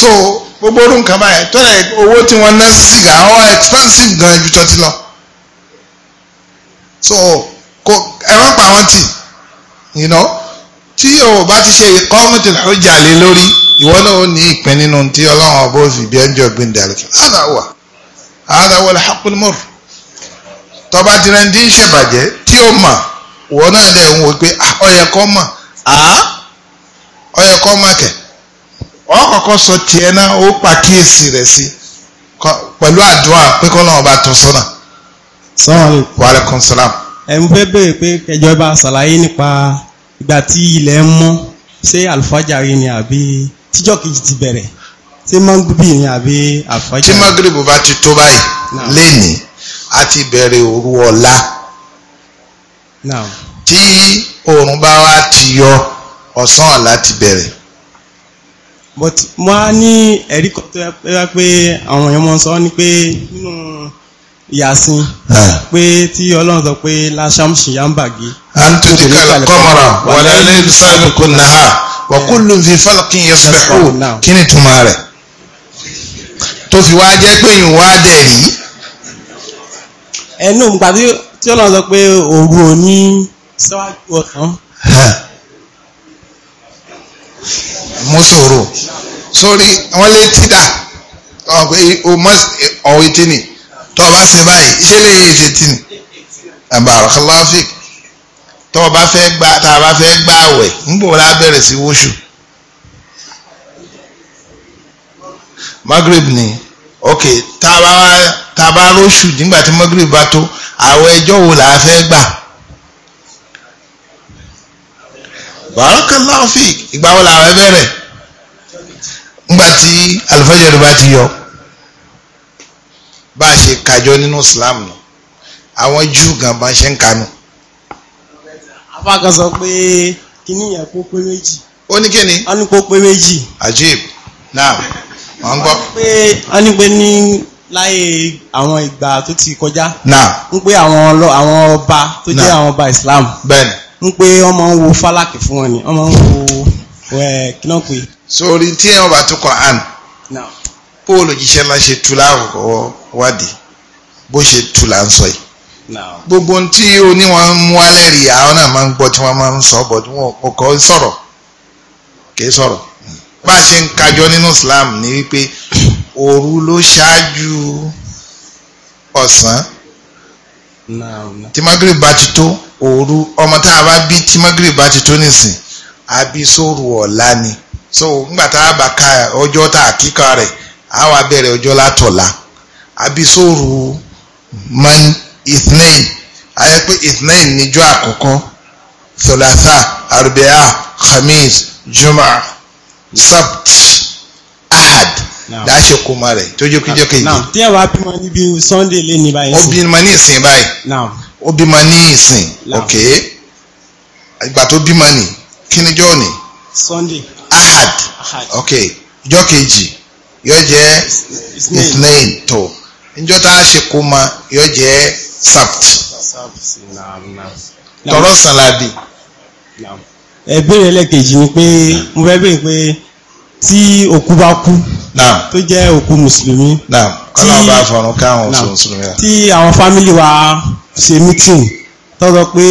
so gbogbo orú nǹkan báyẹn tọ́lẹ̀ owó tí wọ́n ná sìgá ó expensive gan ju tọ́tí lọ so. kò pa wọn tì you tí o bá ti ṣe ìkọ́mùtì náà ó jàlé lórí ìwọ náà ó ní ìpín nínú tí ọlọ́run ọba ó bí ẹnjọ́ gbin dàlẹ́ hàdà wà tọba tirẹ̀ ti ń ṣèbàjẹ́ tí o mà ìwọ náà dẹ̀ ń pé ọyẹ kọ́ mà á ọyẹ kọ́ mà kẹ̀ ọ kọ́kọ́ sọ tiẹ̀ náà ó rẹ̀ salaam. ẹ̀mú fẹ́ bèèrè pé kẹjọ bá ṣàlàyé nípa ìgbà tí ilẹ̀ ń mọ́ ṣé àlùfájàrí ni àbí tíjọ́ kejì ti bẹ̀rẹ̀ ṣé mọ́gbìbì ni àbí àlùfájàrí. tí mọ́gìrìbù bá ti tó báyìí lénìí a ti bẹ̀rẹ̀ òru ọ̀la tí oòrùn bá wá ti yọ ọ̀sán ọ̀la ti bẹ̀rẹ̀. but mo á ní ẹ̀rí kan tó yẹ pé àwọn èèyàn mọ̀ sọ ni pé nínú yasin ah. pé tí ọlọ́run sọ pé lasham shiyambagi. a ń tún ti kala kọ́mọ̀rà wàlẹ́ ilé sáàlù kò nàá wà kullu fi falqin yasbahun kí ni túmọ̀ rẹ̀ tó fi wá jẹ́ pé ìwà dẹ̀ rí. ẹnu nípa tí ọlọ́run sọ pé òru òní síwájú ọ̀sán. mo sọ̀rọ̀ sórí wọ́n lé tídà ọ̀hún ètè ni tó o bá ṣe báyìí ṣé lè yé ṣe tì ní àbàràkàláfík tó o bá fẹ́ gbá tá a bá fẹ́ gbá àwẹ̀ ń bò lá bẹ̀rẹ̀ sí wóṣù magrib ni ok tá a bá tá a bá róṣù nígbà tí magrib bá tó àwọn ẹjọ́ wo là á fẹ́ gbà bàràkàláfík ìgbà wo là á bẹ̀rẹ̀ ńgbà tí alifájọ́ rẹ̀ yọ bá a ṣe kájọ nínú Islam nù àwọn Júù gan bá ṣe ń kanu. afákan sọ pé kíní yẹn kó pé méjì. ó ní kíni. a ní kó pé méjì. ajib now wọ́n ń gbọ́. a ní pé ní láyé àwọn ìgbà tó ti kọjá. now ń pé àwọn ọba tó jẹ́ àwọn ọba Islam. bẹ́ẹ̀ni. ń pé wọ́n máa ń wo fálákì fún wọn ni wọ́n máa ń wo kí náà pé. sórí tí ẹ bá tún Quran. now bóòlù jíṣẹ́ ńlá ṣe tu láàkọ́kọ́ wádìí bó ṣe tu là ń sọ yìí gbogbo tí oníwọ̀n ń mú alẹ́ rí àwọn náà máa ń gbọ́ tí wọ́n máa ń sọ bọ̀ tí wọ́n kọ́ sọ̀rọ̀ kìí sọ̀rọ̀ bá a ṣe ń kájọ nínú Islam ni wípé [CLEARS THROAT] òru ló ṣáájú ọ̀sán bá ti tó òru ọmọ tá a bá bí bá ti tó so ńgbà abaka ọjọ́ a wá bẹ̀rẹ̀ ọjọ́ látọ̀la abisóoru man ithnain ayẹ pé ithnain níjọ́ àkọ́kọ́ thalatha arbia khamis juma sabt ahad láṣẹ kó ma rẹ̀ tójú kíjọ́ kejì. tí ẹ wá bímọ níbi sunday lé ní báyìí. ó bímọ ní ìsìn báyìí ó bímọ ní ìsìn ok ìgbà tó bímọ ní kíníjọ́ ni. sunday ahad ok ìjọ́ kejì. yóò jẹ́ isnain to a tọrọ ni pé mo fẹ́ bẹ̀rẹ̀ pé tí òkú bá kú tó jẹ́ òkú mùsùlùmí tí àwọn fámìlì wa ṣe mítìn tọ́jọ́ pé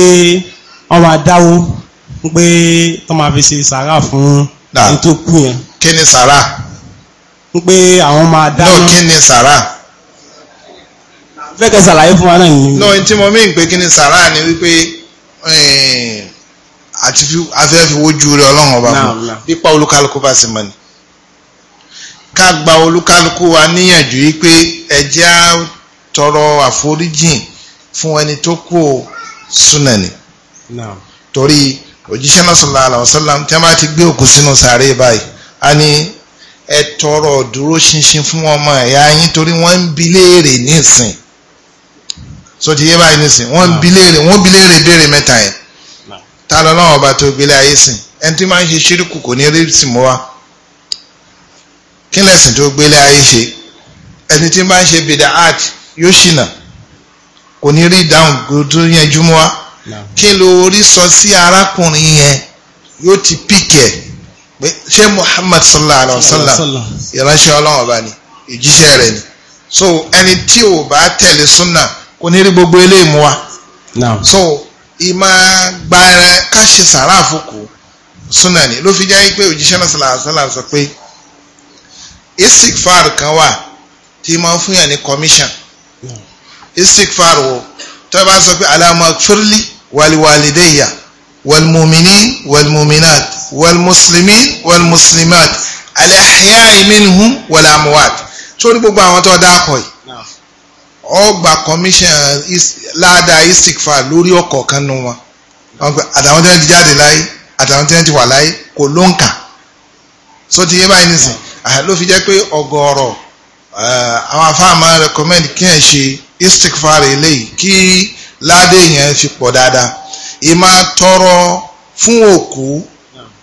wọ́n máa dáwó pé wọ́n máa fi ṣe sàrà fún ètò kú yẹn. kí ni pé àwọn máa dáná. no kí ni sàrà. fẹ́ kẹ́ sàlàyé fún wa náà yìí. no tí mo mí pé kí ni sàrà ni wípé eh, àti afẹ́ fi wojú rẹ ọlọ́run ọba fún pípa olúkálukú bá sì mọ̀ ni ká gba olúkálukú wa níyànjú yìí pé ẹ̀jẹ̀ á tọrọ àforíjìn fún ẹni tó kú súnàní torí òjíṣẹ́ náà sallallahu alaihi wasallam tí wọ́n bá ti gbé òkú sínú sàárè báyìí a ní ẹ tọrọ dúró ṣinṣin fún ọmọ ẹ̀yà yín torí wọ́n ń bi léèrè nísìn so ti yé báyìí nísìn wọ́n ń bi léèrè wọ́n bi léèrè béèrè mẹ́ta yẹn ta lọ náà ọba tó gbélé ayé sìn ẹni tí máa ń ṣe ṣírìkù kò ní rí sìn mọ́ wa kí lẹ̀sìn tó gbélé ayé ṣe ẹni tí máa ń ṣe bìdà art yóò ṣìnà kò ní rí ìdáhùn tó yẹn júmọ́ wa kí ló sọ sí arákùnrin yẹn yóò ti pìkẹ́ pé ṣé Muhammad sallallahu alayhi wa sallam ìránṣẹ́ ọlọ́run ọba ni ìjíṣẹ́ rẹ̀ ni so ẹni tí ò bá tẹ̀lé súnà kò ní rí gbogbo eléyìí mú wa so ìmọ̀ gbàrẹ káṣe sàrà àfọkù súnà ni ló fi jẹ́ pé òjíṣẹ́ náà sallallahu alayhi wa sallam sọ pé istikfar kan wà tí máa ń fún yàn ní commission istikfar wo tó bá sọ pé alamọ firli waliwalideyya walmumini walmuminat والمسلمين والمسلمات الأحياء منهم والأموات torí gbogbo àwọn tó dá akọ yìí ọgbà commission ládàá istikfa lórí ọkọ kan nu wọn àtàwọn tí wọn ti jáde láyé àtàwọn tí wọn ti wà láyé kò ló ń kà so ti yé báyìí nìsín ló fi jẹ́ pé ọ̀gọ̀ọ̀rọ̀ eh, àwọn afáàmà recommend kí ẹ ṣe istikfa rẹ léyìí kí ládé yẹn fi pọ̀ dáadáa ìmà tọrọ fún òkú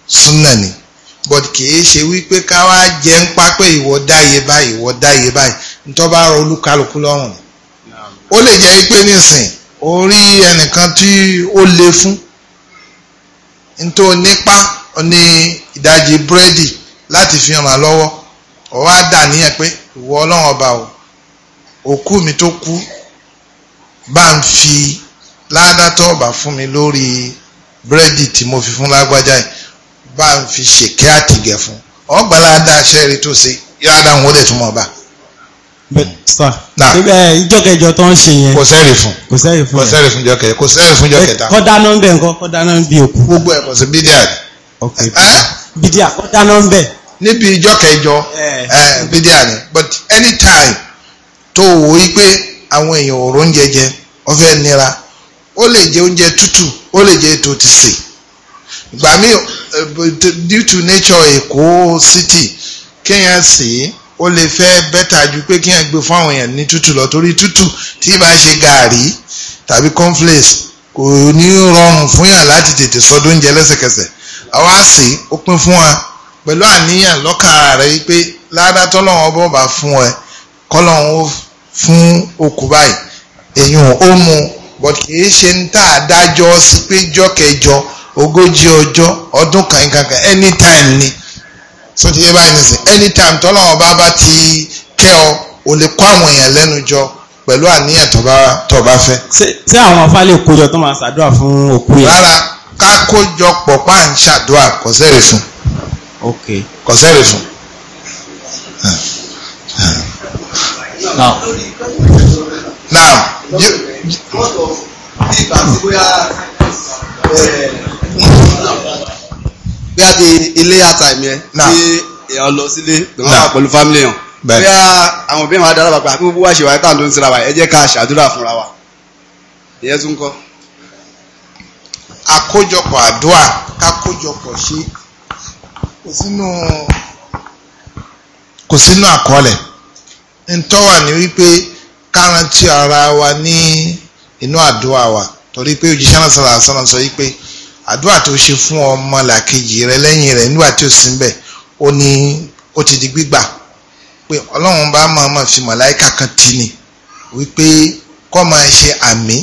súnà ni but kìí ṣe wípé ká wá jẹ ń pa pé ìwọ dáyé báyìí ìwọ dáyé báyìí nítorí bá rọ olúkálùkù lọ́rùn ó lè jẹ́ pé nísìn orí ẹnìkan tí ó le fún nítorí nípa ní ìdajì búrẹ́dì láti fi ràn lọ́wọ́ ó wá dà níyẹn pé ìwọ ọlọ́run ọba o òkú mi tó kú bá ń fi ládàtọ̀ ọba fún mi lórí búrẹ́dì tí mo fi fún lágbájá yìí bá ń fi ṣèké àtìgẹ̀ fún ọgbàládà aṣẹ́rí tó ṣe yáda wọn ó lè túmọ̀ bá. ìjọkẹjọ tó ń ṣe yẹn kò sẹ́rì fún kò sẹ́rì fún kò sẹ́rì fún jọkẹ kò sẹ́rì fún jọkẹ ta. kọ́dá nọ́mbẹ̀ nǹkan kọ́dá nọ́mbẹ̀ òkú. gbogbo ẹ̀ kò sí bídíà ni. bídíà kọ́dá nọ́mbẹ̀. níbi ìjọkẹjọ bídíà ni but anytime tó wò ó pé àwọn èèyàn ò róúnjẹ jẹ ọfẹ nira ó lè jẹ oúnjẹ tútù ó lè jẹ ètò ti sè ìgbà míì Eh, due to nature Èkó city kéèyàn sè é ó lè fẹ́ bẹ́tà ju pé kéèyàn gbé fún àwọn èèyàn ní tútù lọ torí tútù tí ì bá ṣe gàárì tàbí cornflakes kò ní rọrùn fún yàn láti tètè sọdún oúnjẹ lẹ́sẹ̀kẹsẹ̀ àwa sè é ó pín fún wa pẹ̀lú àníyàn lọ́kàn rẹ̀ pé ládàá tọ́lọ́wọ́n bọ̀ bá fún ẹ kọ́lọ́wọ́n ó fún okùn báyìí èyàn ó mu but kì í ṣe ń tà dájọ́ sí pé jọ́kẹjọ́ ogójì ọjọ́ ọdún kan kankan anytime ni so ti yé báyìí nìsín anytime tọ́lọ́wọ́n bá bá ti kẹ́ ọ o lè kó àwọn èèyàn lẹ́nu jọ pẹ̀lú àníyàn tó bá fẹ́. ṣé àwọn afá lè kójọ tó máa ṣàdúrà fún òkú yẹn. rárá ká kójọ pọ̀ pa ń ṣàdúrà kò sẹ́rì fún. ok kò sẹ́rì fún. now now. you, tàbí bóyá bóyá ti ilé àtàìmí ẹ tí èèyàn lọ sílé pẹ̀lú àwọn pẹ̀lú fámìlì yàn bóyá àwọn òbí àwọn adaraba pé àbí wọ́n ṣe wáyé táwọn tó ń sinra wa ẹ jẹ́ ká ṣàdúrà fúnra wa ìyẹn tún kọ́. àkójọpọ̀ àdúà kákójọpọ̀ ṣe kò sínú kò sínú àkọọ́lẹ̀ ntọ́wà ni wípé kárántí ara wa ní. Ni inú àdúrà wa torí pé òjíṣẹ́ náà sọ̀rọ̀ àṣọ náà sọ yìí pé àdúrà tó ṣe fún ọmọ làkejì rẹ lẹ́yìn rẹ nígbà tí ó sì ń bẹ̀ ó ní ó ti di gbígbà pé ọlọ́run bá máa máa fi màláìkà kan tì ní wípé kọ́ máa ṣe àmì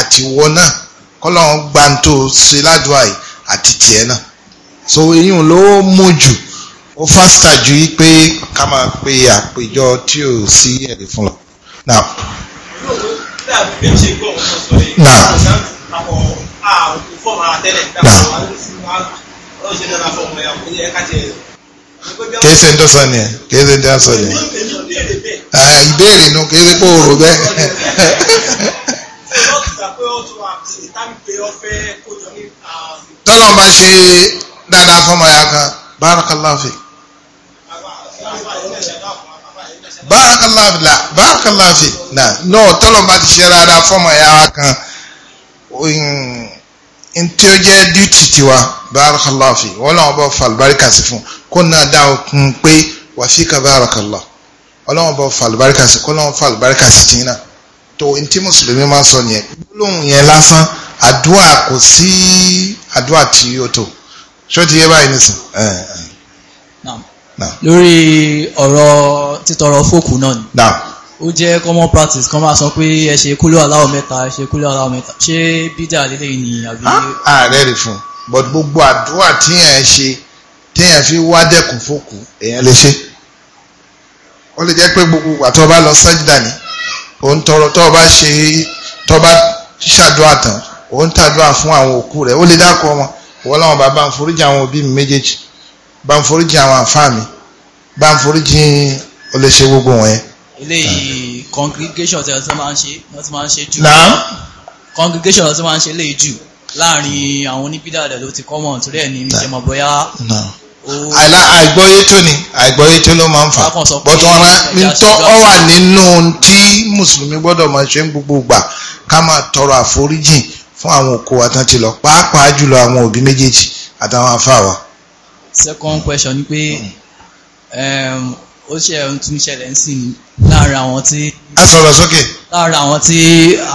àti wọ náà kọ́lọ́run gba ń tó ṣe ládùúgbà yìí àti tiẹ̀ náà so eyín ló mú jù ó fásità ju wípé ká máa pe àpéjọ tí ò sí ẹ̀rí fún lọ. now kìí ṣe ń tọ́sọ ni ẹ kìí ṣe ń tọ́sọ ni ẹ ìbéèrè nu kìí ṣe pé òòrò bẹ́ẹ̀. tọ́lọ́ bá ṣe dáadáa fún ọmọ ya kan bárakàláfì bárakàláfìlà bárakàláfì na no tọ́lọ̀ bá ti ṣe da fọ́mọ ẹ̀yà wa kan tí ó jẹ́ díútì tiwa bárakàláfì wọ́n làwọn bá falùbáríkà sí fún kó náà dáhùn kún pé wàfíkà bárakàlá ọlọ́wọ́n bá falùbáríkà sí kó lọ́wọ́n falùbáríkà sí tì náà tó ntí mùsùlùmí máa ń sọ nìyẹn gbólóhùn yẹn lásán àdúrà kò sí àdúrà tí ó tó ṣó ti yé báyìí nísìn lórí ọ̀rọ̀ títọrọ fóòkù náà ni ó jẹ́ common practice kan máa sọ pé ẹ ṣe kúlò aláwọ̀ mẹ́ta ẹ ṣe kúlò aláwọ̀ mẹ́ta ṣé bídà lílé ni àbí. ààrẹ ah, rè fún but gbogbo àdúrà tíyàn ṣe tíyàn fi wá dẹ́kun fóòkù èèyàn lè ṣe ó lè jẹ́ pé gbogbo ìgbà tó bá lọ sájídà ni òun tọrọ tó bá ṣe tó bá ṣàdúrà tán òun tàdúrà fún àwọn òkú rẹ̀ ó lè dákọ̀ wọn wọ́n bàbá ń foríjì àwọn òbí mi méjèèjì bá ń foríjì àwọn àfáà mi bá ń foríjì ó lè gbogbo wọn eléyìí congregation tí wọ́n máa ń ṣe wọ́n ti máa ń ṣe jù. náà congregation tí wọ́n máa ń ṣe léyìí jù láàrin àwọn oníbídà rẹ̀ ló ti common torí ẹ̀ ní mi ṣe mọ̀ bóyá. àìlá àìgbọ́yé tó ni àìgbọ́yé tó ló máa ń fà bọ́tù wọn rán nítọ́ ọ wà nínú tí mùsùlùmí gbọ́dọ̀ máa ṣe ń gbogbo gbà ká máa tọrọ àforíjì fún àwọn òkú àtàntì lọ pàápàá jùlọ àwọn òbí méjèèjì àtàwọn afáwa second question ni pé ehm, ó ṣe ẹ̀rùn tún ṣẹlẹ̀ ń sìn láàrin àwọn tí. a sọ̀rọ̀ sókè. láàrin àwọn tí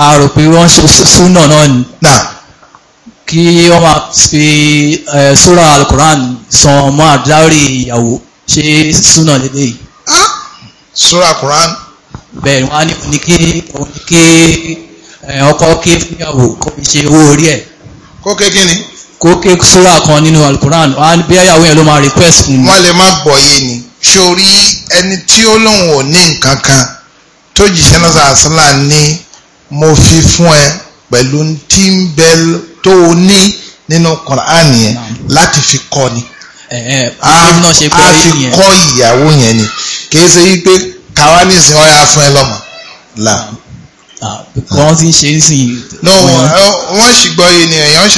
a rò pé wọ́n ṣe súnà náà ni. na. kí wọ́n máa fi sura alukoran san ọmọ àdáwìrì ìyàwó ṣe súnà lélẹ́yìí. sura alukoran. bẹ́ẹ̀ wọ́n á ní òní kí òní kí ọkọ kí fúnyàwó kò fi ṣe owó orí ẹ̀. kó kí ni kó ké sóra kan nínú alukuran bí ayàwó yẹn ló máa request fún mi. wọ́n lè má gbọ́yé ni sórí ẹni tí ó lóun ò ní nǹkan kan tó jìṣẹ́ náà sàásánlá ní mo fi fún ẹ pẹ̀lú tí ń bẹ tó o ní nínú Quran yẹn láti fi kọ́ ni a fi kọ́ ìyàwó yẹn ni kì í ṣe wípé káwa nísìnyí ọ̀ya fún ẹ lọ́mọ wọ́n ti ń ṣe é sìn. no uh, wọ́n sì gbọ́ yìí ni èèyàn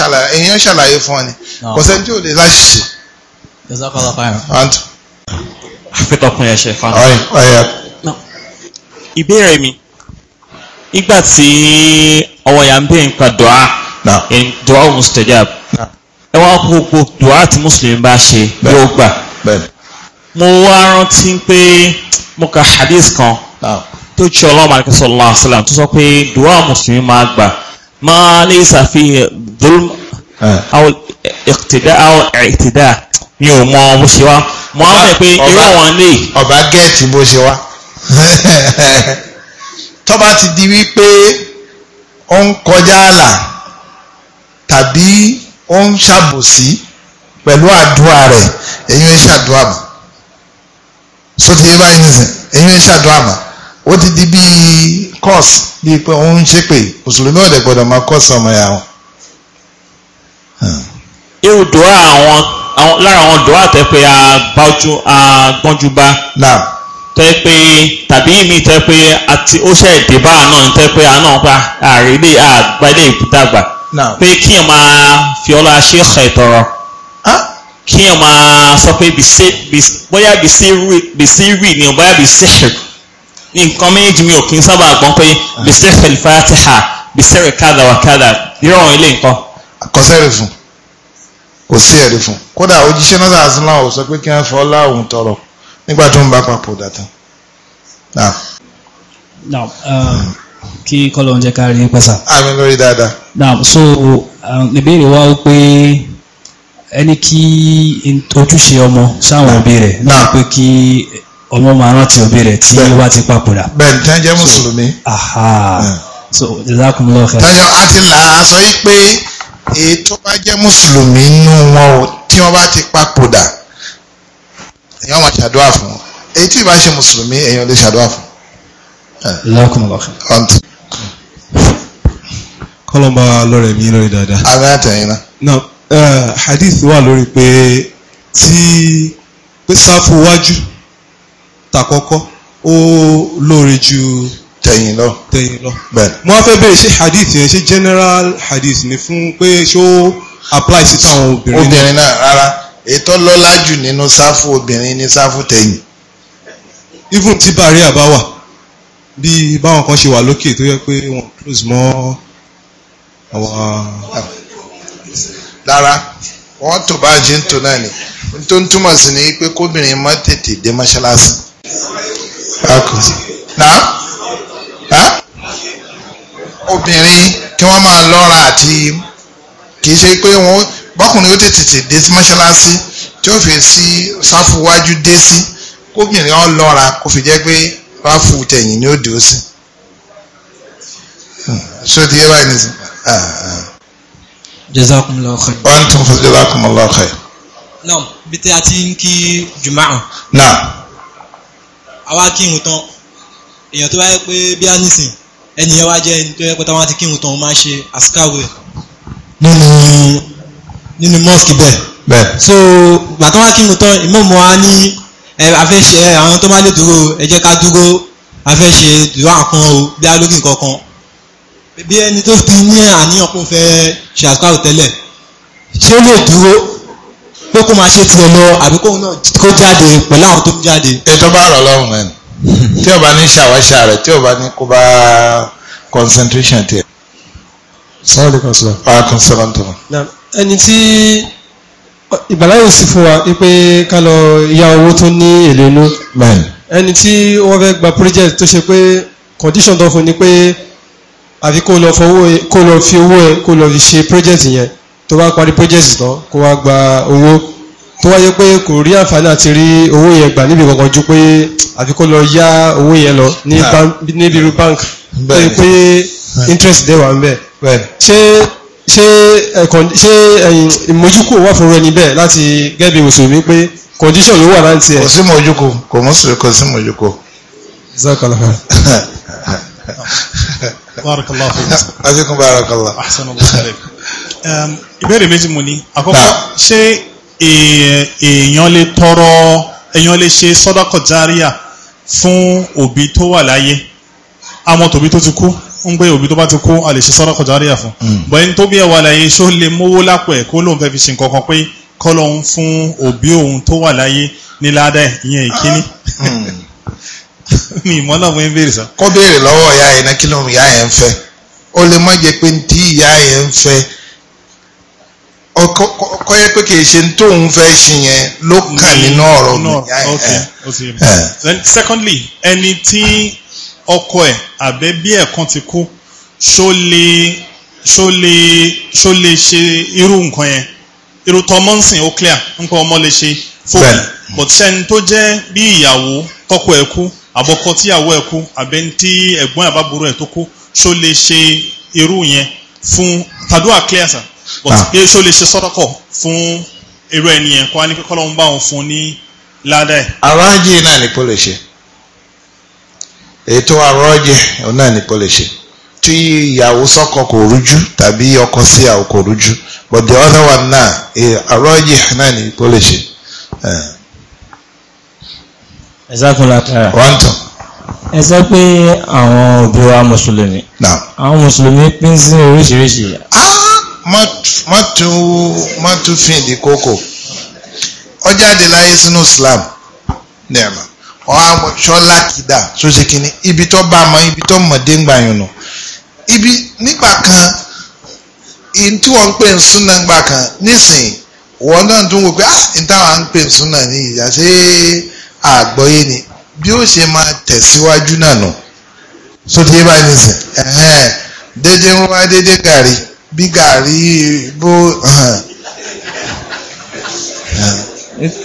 ṣàlàyé fún ọ ni kò sẹ́ni tí ò lè láṣìṣe. jọ́sọ́kọ́lọ́ fáyọ̀. àpẹtọkùn ẹ̀ṣẹ̀ fáwọn. ìbéèrè mi nígbà tí ọwọ́ ya ń bẹ̀ ń ka dùá dùá mustajab ẹ wá gbogbo dùá tí mùsùlùmí bá ṣe yóò gbà mo wá rántí pé mo ka hadith kan tó tí ọlọ́run máa kẹsọ̀ lọ́wọ́ àṣàlà tó sọ pé dùwà mùsùlùmí máa gbà máa ní ìsàfihàn dùlùm àwọn ìtìdá àwọn ìtìdá mi ò mọ bó ṣe wá mo á mọ̀ pé irú àwọn lè. ọba gẹ́ẹ̀tì bó ṣe wá [LAUGHS] tọ́ba ti di wípé ó ń kọjá àlà tàbí ó ń ṣàbòsí pẹ̀lú àdúrà rẹ̀ èyí ń ṣàdúrà mọ́ sóti yé báyìí nìsín èyí ń ṣàdúrà mọ́ ó ti di bíi course bíi pé òun ń ṣe pé mùsùlùmí ọ̀dẹ̀ gbọ́dọ̀ máa course ọmọ ya wọn. Hmm. irú dùá àwọn lára àwọn dùá tẹ pé a gbájú a gbọ́njú bá tẹ pé tàbí mi tẹ pé àti ó ṣe èdè bá àná ní tẹ pé àná pa àrílé àgbá ilé ìdàgbà pé kí n máa fi ọlá ṣe ẹ̀ tọrọ kí n máa sọ pé bóyá bìsí rì ni bóyá bìsí rì ní nǹkan méjì mi ò kí n sábà gbọ́n pé bisẹ́fẹ̀ fatiha bisẹ́rẹ̀ kádà wà kádà yọ̀rọ̀ ilé nǹkan. àkọsẹ́rì fún kò sí ẹ̀rí fún kódà òjíṣẹ́ náà sàásùn láwọn sọ pé kí wọ́n fọ́ láwùn tọrọ nígbà tó ń bá papò dàtà. Um, kí kọ́lọ̀ oúnjẹ kárí ní pẹ́sà. àmì lórí dáadáa. so um, ìbéèrè wa ó pé ẹni kí ojúṣe ọmọ sáwọn òbí rẹ̀ náà pé kí ọmọ máa rántí òbí rẹ̀ tí wá ti papòdà. bẹ́ẹ̀ tí wọ́n jẹ́ mùsùlùmí. so jazakumullahu khairan. tọ́jọ́ a ti là á sọ yìí pé èyí bá jẹ́ mùsùlùmí nínú wọn o tí wọ́n bá ti papòdà èèyàn máa ṣàdúrà fún wọn èyí tí ìbá ṣe mùsùlùmí èèyàn lè ṣàdúrà fún. jazakumullahu khairan. kọ́lọ́mbà lọ́rẹ̀ mi lórí dáadáa. abẹ́ àtẹ̀yìn náà. náà eh, hadith wà lórí pé tí pé sáfù wájú tàkọ́kọ́ ó lóore ju tẹ̀yìn lọ. tẹ̀yìn lọ. bẹ́ẹ̀. mo wá fẹ́ bẹ̀rẹ̀ ṣé hadith yẹn ṣé general hadith ni fún pé ṣé ó apply sí táwọn obìnrin. obìnrin náà rárá ètò lọ́lá jù nínú sáfù obìnrin ní sáfù tẹ̀yìn. even tí barrier bá wà bí báwọn kan ṣe wà lókè tó yẹ pé wọn close mọ́ àwa. lára wọn tó bá jí ń tó náà ni tó ń túmọ̀ sí ni pé kóbìnrin má tètè dé mọ́ṣáláṣí náà obìnrin kí wọ́n máa lọ́ra àti kì í ṣe pé wọ́n bọ́kùnrin ó tètè dé sí mọ́ṣáláṣí tí ó fi sí sáfù wájú dé sí kóbìnrin ó lọ́ra kó fi jẹ́ pé ráfù tẹ̀yìn ni ó dé ó sí hmm. ṣé o ti yé báyìí nísìnyí. Ah, ah. jazakumullahu khair. wọ́n tún fún jazakumullahu khair. náà bí tí a ti ń kí jùmọ̀. náà àwa kírun tán èèyàn tó wáyé pé bí a nísìn ẹni yẹn wá jẹ ẹni tó yẹ pé táwọn ti kírun tán ó máa ṣe àsìkáwé nínú nínú mosque bẹ́ẹ̀. bẹ́ẹ̀. so bàtà wá kírun tán ìmọ̀ọ́mọ́ wa ní ẹ afẹ́ ṣe ẹ àwọn tó máa lè dúró ẹ jẹ́ ká dúró afẹ́ ṣe dúró àkan o bí a lókè kankan bí ẹni tó fi ní àníyàn kó fẹ́ ṣe àsìkáwé tẹ́lẹ̀ ṣé ó lè dúró pé kó máa ṣe tiẹ̀ lọ àbí kóun náà kó jáde pẹ̀lú àwọn tó ń jáde. ètò bá rọ̀ lọ́rùn mẹ́rin [LAUGHS] tí o bá ní ṣàwáṣà rẹ̀ tí o bá ní kó bá concentration tiẹ̀. sọ́ọ́lì kan sọ̀rọ̀. a kan sọ̀rọ̀ tó wọn. ẹni tí ìbàláyò sì fún wa pé ká lọ ya owó tó ní èlé inú ẹni tí wọ́n fẹ́ gba project tó ṣe pé condition tó fún ni pé àfi kó lọ fi owó ẹ kó lọ fi ṣe project yẹn tó bá parí project tán kó wá gba owó tó wáyé pé kò rí àǹfààní àti rí owó yẹn gbà níbi kankan ju pé àfi lọ yá owó yẹn lọ níbi irú bank tó yẹ pé interest dẹ̀ wà ń bẹ̀ ṣé ṣé ẹ̀kọ́ ṣé ìmójúkò wà fún ẹni bẹ́ẹ̀ láti gẹ́bí mùsùlùmí pé condition ló wà láǹtí ẹ̀. kò sí mojúkò kò sí mojúkò. [LAUGHS] [LAUGHS] bárakà lọ́wọ́ fún mi. ajikun bárakà lọ. ahsan allah salim. Um, ìbéèrè méjì mo ní àkọ́kọ́ ṣé e, èèyàn lè tọrọ èèyàn lè ṣe sọ́dọ̀kọ̀ járíà fún òbí tó wà láyé àmọ́ tòbí tó ti kú ń gbé òbí tó bá ti kú a lè ṣe sọ́dọ̀kọ̀ járíà fún hmm. bọ́yìn tó bí ẹ̀ wà láyé ṣó lè mówó lápò ẹ̀ kó lóun fẹ́ fi ṣe nǹkan kan pé kọ́ lóun fún òbí òun tó wà láyé ní ládàá ìyẹn ìkíní. Hmm. [LAUGHS] mi ìmọ̀ náà mo ń béèrè sá. kó béèrè lọ́wọ́ ìyá yẹn náà kí ló ń ìyá yẹn ń fẹ́ ó lè má jẹ́ pé tí ìyá yẹn ń fẹ́ kọ́ yẹ pé kì í ṣe tó ń fẹ́ ṣe yẹn ló kàn mm, nínú ọ̀rọ̀ mi ìyá yẹn. Eh. Eh. then secondly ẹni tí ọkọ ẹ̀ àbẹ́bí ẹ̀ kan ti kú ṣó lè ṣó lè ṣó lè ṣe irú nǹkan yẹn irú tọmọ ń sìn ó clear nǹkan ọmọ lè ṣe fóònù but ṣẹni tó jẹ́ bí ìyàwó tọkọ ẹ̀ kú àbọ̀kọ tíyàwó ẹ̀ kú àbẹ́ tí ẹ̀gbọ́n àbábúrò ẹ̀ tó kú ṣó lè ṣe irú yẹn fún tàdúrà clear sir but ah. ṣó lè ṣe sọ́dọ̀kọ̀ fún irú ẹni yẹn kó wá ní kíkọ́ lọ́wọ́ ń bá wọn fún ní ládàá ẹ̀. àrọ́jì náà ní kó ṣe ètò àrọ́jì náà ní kó ṣe tí ìyàwó sọ́kọ kò rújú tàbí ọkọ sí ìyàwó kò rújú but the other one náà eh, àrọ́jì náà ní kó ṣe. Uh ẹ̀sákùnlákàrà wọ́n tàn ẹ sọ pé àwọn òbí wa mùsùlùmí àwọn mùsùlùmí pín sí oríṣiríṣi má tún fi ìdí kókò ọ jáde láyé sínú Islam nẹ́ẹ̀mà ọ̀hún ṣọ́lá kìdá tó ṣe kínní ibi tó bá mọ ibi tó mọ̀ dé ń gbà yàn nù ibi nígbà kan in tí wọ́n ń pè súnà ńgbà kan nísìnyí wọ́n náà tún wò pé ah in táwọn ń pè ń súnà ní ìyá ṣe é àgbọ́yé ni bí ó ṣe máa tẹ̀síwájú náà nù sóti yé báyìí nìsín dédé ń wá dédé gàrí bí gàrí bó.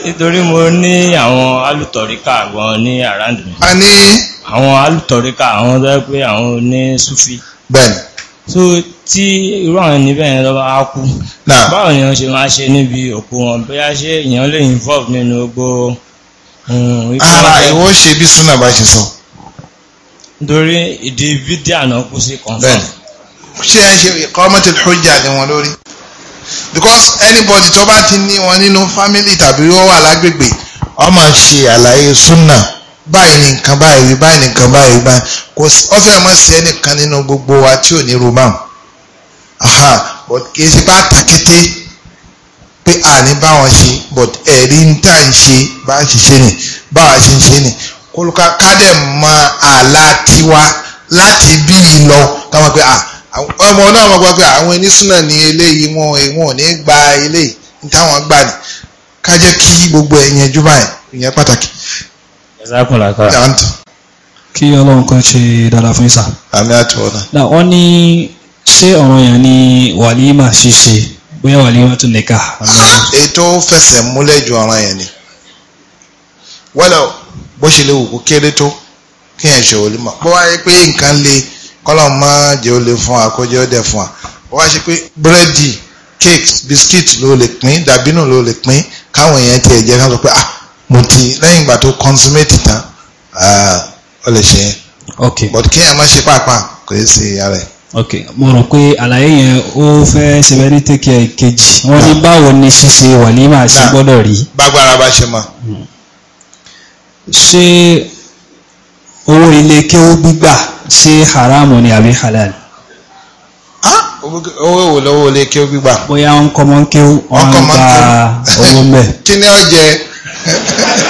nítorí mo ní àwọn alùtọ̀ríkà gan ní around a ní. àwọn alùtọ̀ríkà àwọn tó yẹ pé àwọn ní sufi. bẹ́ẹ̀ni. so tí irú àwọn ẹni bẹ́ẹ̀ lọ́wọ́ á kú. báwo ni wọ́n ṣe máa ṣe níbi òkú wọn bóyá ṣé èèyàn lè involve nínú gbogbo. Hmm, ara ìwọ ṣe bí súnà bá ṣe sọ. nítorí ìdí fídíà náà kú sí kan. bẹ́ẹ̀ni ṣé ẹ ṣe iqamatul hujja lé wọn lórí because anybody tó bá ti ní wọn nínú family tàbí ó wà lágbègbè ó máa ṣe àlàyé súnà báyìí ní nǹkan báyìí rí báyìí ní nǹkan báyìí rí báyìí kò sí ó fẹ́ mọ̀ sí ẹnìkan nínú gbogbo wa tí ò ní rúbáwò kì í ṣe bá tàkété pé àní bá wọn ṣe but ẹ̀rí ń tà ń ṣe bá ń ṣiṣẹ́ nì bá wa ṣe ń ṣe nì kólúkà kádẹ̀ mọ àlá tiwa láti bí ìlọ táwọn pé ọmọ náà mọ̀ gbọ́ pé àwọn onísùnà ní eléyìí wọn wọn ò ní gba eléyìí ní táwọn gbà ní ká jẹ́ kí gbogbo ẹ̀yẹn jú báyìí ìyẹn pàtàkì. kí ọlọ́run kan ṣe dáadáa fún ìsà. àmì àti ọ̀nà. wọ́n ní ṣé ọ̀ranyàn ni wàlímà ṣíṣe bóyá wà lè wá tún lè ká. ètò fẹsẹ̀ múlẹ̀ ju ọ̀ràn yẹn ni wọ́lá bó ṣe lè wù kó kéré tó kí ẹ̀ ṣe òòlù mọ̀ bó wáyé pé nǹkan le kọ́lọ̀ má jẹ́ ó fún wa kó jẹ́ ó dẹ̀ fún wa bó wá ṣe pé búrẹ́dì cakes biscuits ló lè pín dàbínú ló lè pín káwọn èèyàn tiẹ̀ jẹ́ ká sọ pé ah mo ti lẹ́yìn ìgbà tó consummate tán ah, ó lè ṣe yẹn but kí ẹ̀ má ṣe pàápàá kò yẹ sí ara ẹ̀ ok mo rò pé àlàyé yẹn ó fẹ́ severity care kejì wọ́n ní báwo ni ṣíṣe wàlímà ṣe gbọ́dọ̀ rí. bágbára bá ṣe mọ. Hmm. ṣé owó ilé kéwú gbígbà ṣé haramu ni àbí halal. owó wo lọ́wọ́ ilé kéwú gbígbà. bóyá wọn mọ́ kéwú wọn gba owó mẹ́. [LAUGHS] kí ni ó jẹ. [LAUGHS]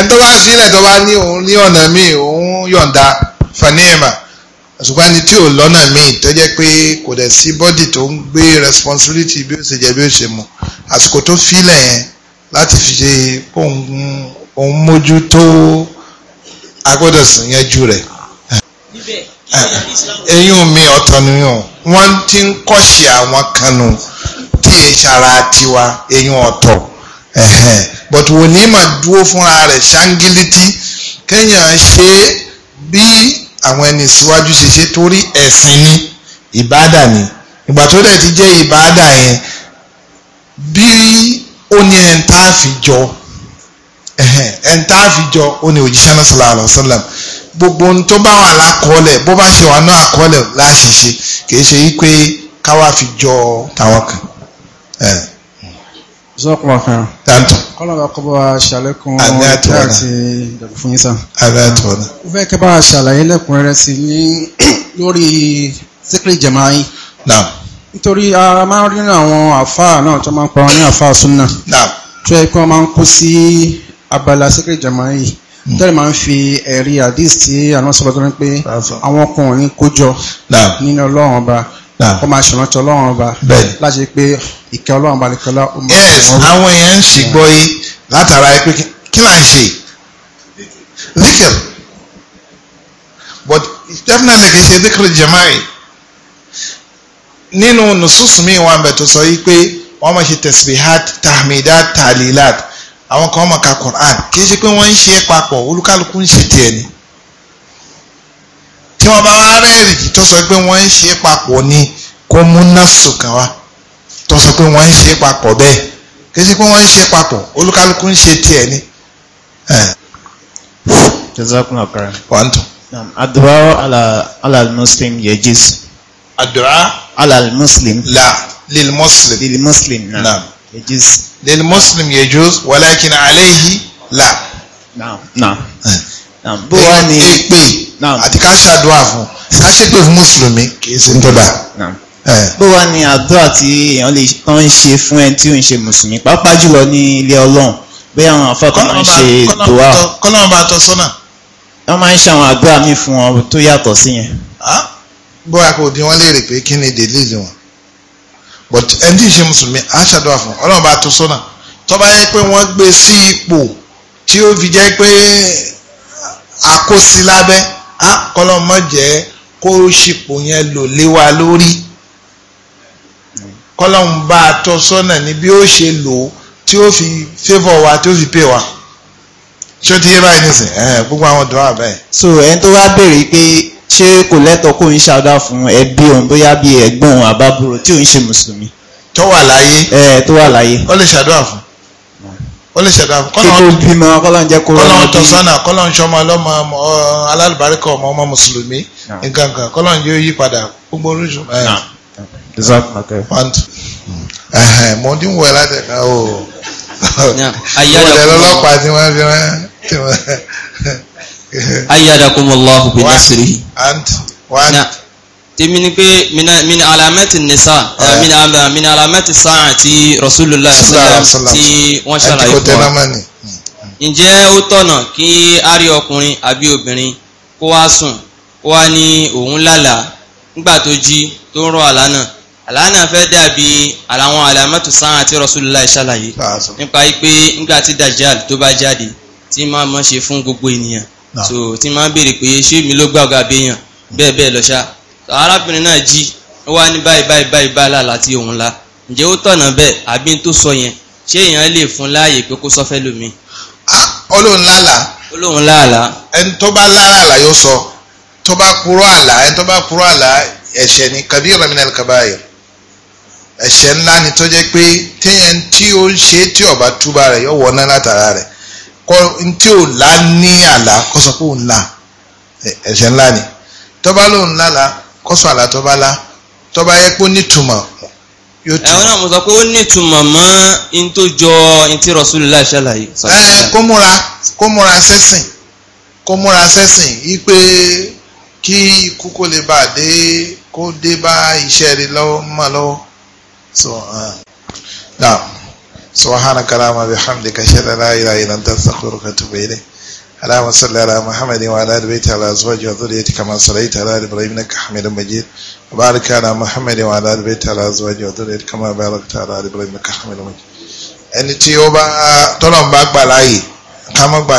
ẹni tó bá sílẹ̀ tó bá ní òun ní ọ̀nà míì òun yọ̀ǹda fanima àṣùgbọ́n ẹni tí ò lọ́nà míì tó jẹ́ pé kò dẹ̀ sí bọ́dì tó ń gbé responsibility bí ó ṣe jẹ́ bí ó ṣe mu àsìkò tó filẹ̀ yẹn láti fi ṣe òun mójútó agbọ́dọ̀ sìn yẹn rẹ̀. eyín mi ọ̀tọ̀ nìyàn wọ́n ti ń kọ́ṣe àwọn kanu tí èṣàrà tiwa eyín ọ̀tọ̀ but wòlímà dúró fúnra rẹ̀ ṣáńgílítì kéèyàn ṣe bí àwọn ẹni síwájú ṣe ṣe torí ẹ̀sìn ni ìbáàdà ni ìgbà tó dẹ̀ ti jẹ́ ìbáàdà yẹn bí ó ní ẹni tá a fi jọ ẹni tá a fi jọ ó ní òjíṣẹ́ náà sallallahu alaihi wasallam gbogbo ohun tó bá wà lákọọ́lẹ̀ bó bá ṣe wà náà àkọọ́lẹ̀ láṣìṣe kì í ṣe wípé káwá fi jọ táwọn kan. Zọ́pọ̀ ọ̀fẹ́ràn. Tàǹtọ̀. Kọ́lọ̀bà kọ́bọ̀ ṣàlékún ọjọ́ àti ìdàgbò fún yín sàn. Adáàtọ̀ọ̀nà. Ó fẹ́ kẹ́ bá ṣàlàyé lẹ́kùnrẹ́rẹ́ sí ní [CLEARS THROAT] lórí síkírì jẹ̀má yín. Naam. Nítorí ara máa ń rí àwọn àfáà náà tó máa ń pa wọn ní àfáà súnà. Naam. Tó yẹ kí wọ́n máa ń kó sí abala síkírì jẹ̀má hmm. Tẹ́lẹ̀ máa ń fi ẹ̀rí àdíìsì tí àwọn sọ̀rọ̀ tó ní pé àwọn ọkùnrin kójọ nínú Ọlọ́run ọba kó máa ṣèrántí ọlọ́run ọba láti pé ìkẹ́ ọlọ́run ọba nìkan lá yes àwọn èèyàn ń ṣègbọ́ yìí látara pé kí là ń ṣe zikir but definitely kì í ṣe zikir jama'i nínú nususu mi wà bẹ̀ tó sọ yìí pé wọ́n máa ṣe tasbihat tahmidat talilat àwọn kan máa ka Quran kì í ṣe pé wọ́n ń ṣe é papọ̀ olúkálukú ń ṣe tiẹ̀ ni tó ọba wa rẹ́ẹ̀rì tó sọ pé wọ́n ń ṣe papọ̀ ni kó mú násù kan wá tó sọ pé wọ́n ń ṣe papọ̀ bẹ́ẹ̀ kí sí pé wọ́n ń ṣe papọ̀ olúkálukú ń ṣe tiẹ̀ ni. jazakumullahu khairan. wà á tún. àdúrà alal-muslim yejis. àdúrà. alal-muslim. la lil-muslim. lil-muslim na yejis. lil-muslim yejus walakin alayhi la. naam naam bó wá ní èpè àti ká ṣàdúrà fún ká ṣépè fún mùsùlùmí kì í ṣe ń tó dà. bó wá ní àdúrà tí èèyàn lè tán ń ṣe fún ẹni tí ò ń ṣe mùsùlùmí pàápàá jùlọ ní ilé ọlọ́run bóyá àwọn afọ́kàn máa ń ṣe dùwà. kọ́lọ́mù bá tọ́ sọ́nà. wọ́n máa ń ṣe àwọn àdúrà míì fún wọn tó yàtọ̀ sí yẹn. bóyá kò dín wọn léèrè pé kí ni dèlíìsì wọn but ẹni tí ì ṣe mùsùlùmí á ṣàdúrà fún ọlọ́run bá tọ́ sọ́nà tó yẹ pé wọ́n gbé sí ipò tí ó fi jẹ́ pé àkóso lábẹ́ kọ́lọ́mọ jẹ́ kó ṣìpò yẹn lò lé lórí kọ́lọ́mù bá a tọ́ sọ́nà ní bí ó ṣe lò ó tí ó fi favour wa tí ó fi pay wa ṣé ó ti yé báyìí nísìn ẹ̀ gbogbo àwọn dùn wà báyìí. so ẹni tó wá béèrè pé ṣé kò lẹ́tọ̀ọ́ kó ń ṣàdá fún ẹbí òun bóyá bíi ẹ̀gbọ́n àbábúrò tí òun ṣe mùsùlùmí. tó wà láyé. ẹ tó wà láyé. ó lè ṣàdúrà fún ó lè ṣẹ̀dá kọ́lọ́n bímọ kọ́lọ́n jẹ́ kó rọrùn kọ́lọ́n tọ́sánà kọ́lọ́n ṣọmọ ọlọ́mọ alálùbáríkà ọmọ ọmọ mùsùlùmí nǹkankan kọ́lọ́n yóò yí padà gbogbo oríṣun. Eh. mo dín wọ ẹ láti ẹ̀ka o wọlé [LAUGHS] lọ́lọ́pàá tí wọ́n fi rán. ayyadakumullahu bi nasrihi tèmi ni pé mina alamẹ́tì nisa eh, mina ah, alamẹ́tì sáà ti rasulullah ti tí wọ́n ṣàlàyé fún wa ǹjẹ́ ó tọ̀nà kí a rí ọkùnrin àbí obìnrin kó wá sùn kó wá ní òun lálàá nígbà tó jí tó ń rọ àlá náà fẹ́ dàbí àwọn alamẹ́tì sáà àti rasulullah ṣàlàyé nípa pé nígbà tí dajjal tó bá jáde tí máa mọ́ ṣe fún gbogbo ènìyàn so tí máa béèrè pé ṣé mi ló gbàgbà béèyàn hmm. bẹ́ẹ̀ bẹ́ẹ̀ lọ arábìnrin náà jí ó wá ní báyìí báyìí báyìí báyìí lálá tí òun la ǹjẹ́ ó tọ̀nà bẹ́ẹ̀ àbí tó sọ yẹn ṣé èèyàn lè fún láàyè pé kó sọ fẹ́ lómi. olóhùn lálà. olóhùn lálà. ẹni tó bá lára àlá yóò sọ tó bá kúrò àlá ẹni tó bá kúrò àlá ẹ̀ṣẹ̀ ni kabira minal kabair ẹ̀ṣẹ̀ ńlá ni tó jẹ́ pé téèyàn tí ó ń ṣe tí ó bá túbà rẹ̀ yóò wọná látara rẹ̀ kọ́ tí ò lá ní àlá kó sọ pé òun là ẹ̀ṣẹ̀ ńlá ni tó bá lóun lálàá kọ́sọ̀ àlà tó bá lá tó bá yẹ pé ó nítumọ̀ yóò tún. ẹ̀wọ̀n náà mo sọ pé ó nítumọ̀ mọ́ in tó jọ in tí Rasulullah ṣàlàyé. ẹ kó múra kó múra sẹ́sìn kó múra sẹ́sìn yí pé kí ikú kó lè bá dé kó dé bá iṣẹ́ rẹ lọ́wọ́ mọ́ lọ́wọ́. so uh, now subhanaka allahumma bihamdika ashhadu an la ilaha illa anta astaghfiruka wa atubu ilayk. اللهم صل على محمد وعلى ال بيته وعلى ازواجه وذريته كما صليت على ال ابراهيم انك حميد مجيد وبارك على محمد وعلى ال بيته وعلى ازواجه وذريته كما باركت على ال ابراهيم انك حميد مجيد ẹni tí ó bá tọ́lọ̀ ń bá gbà láàyè ká má gbà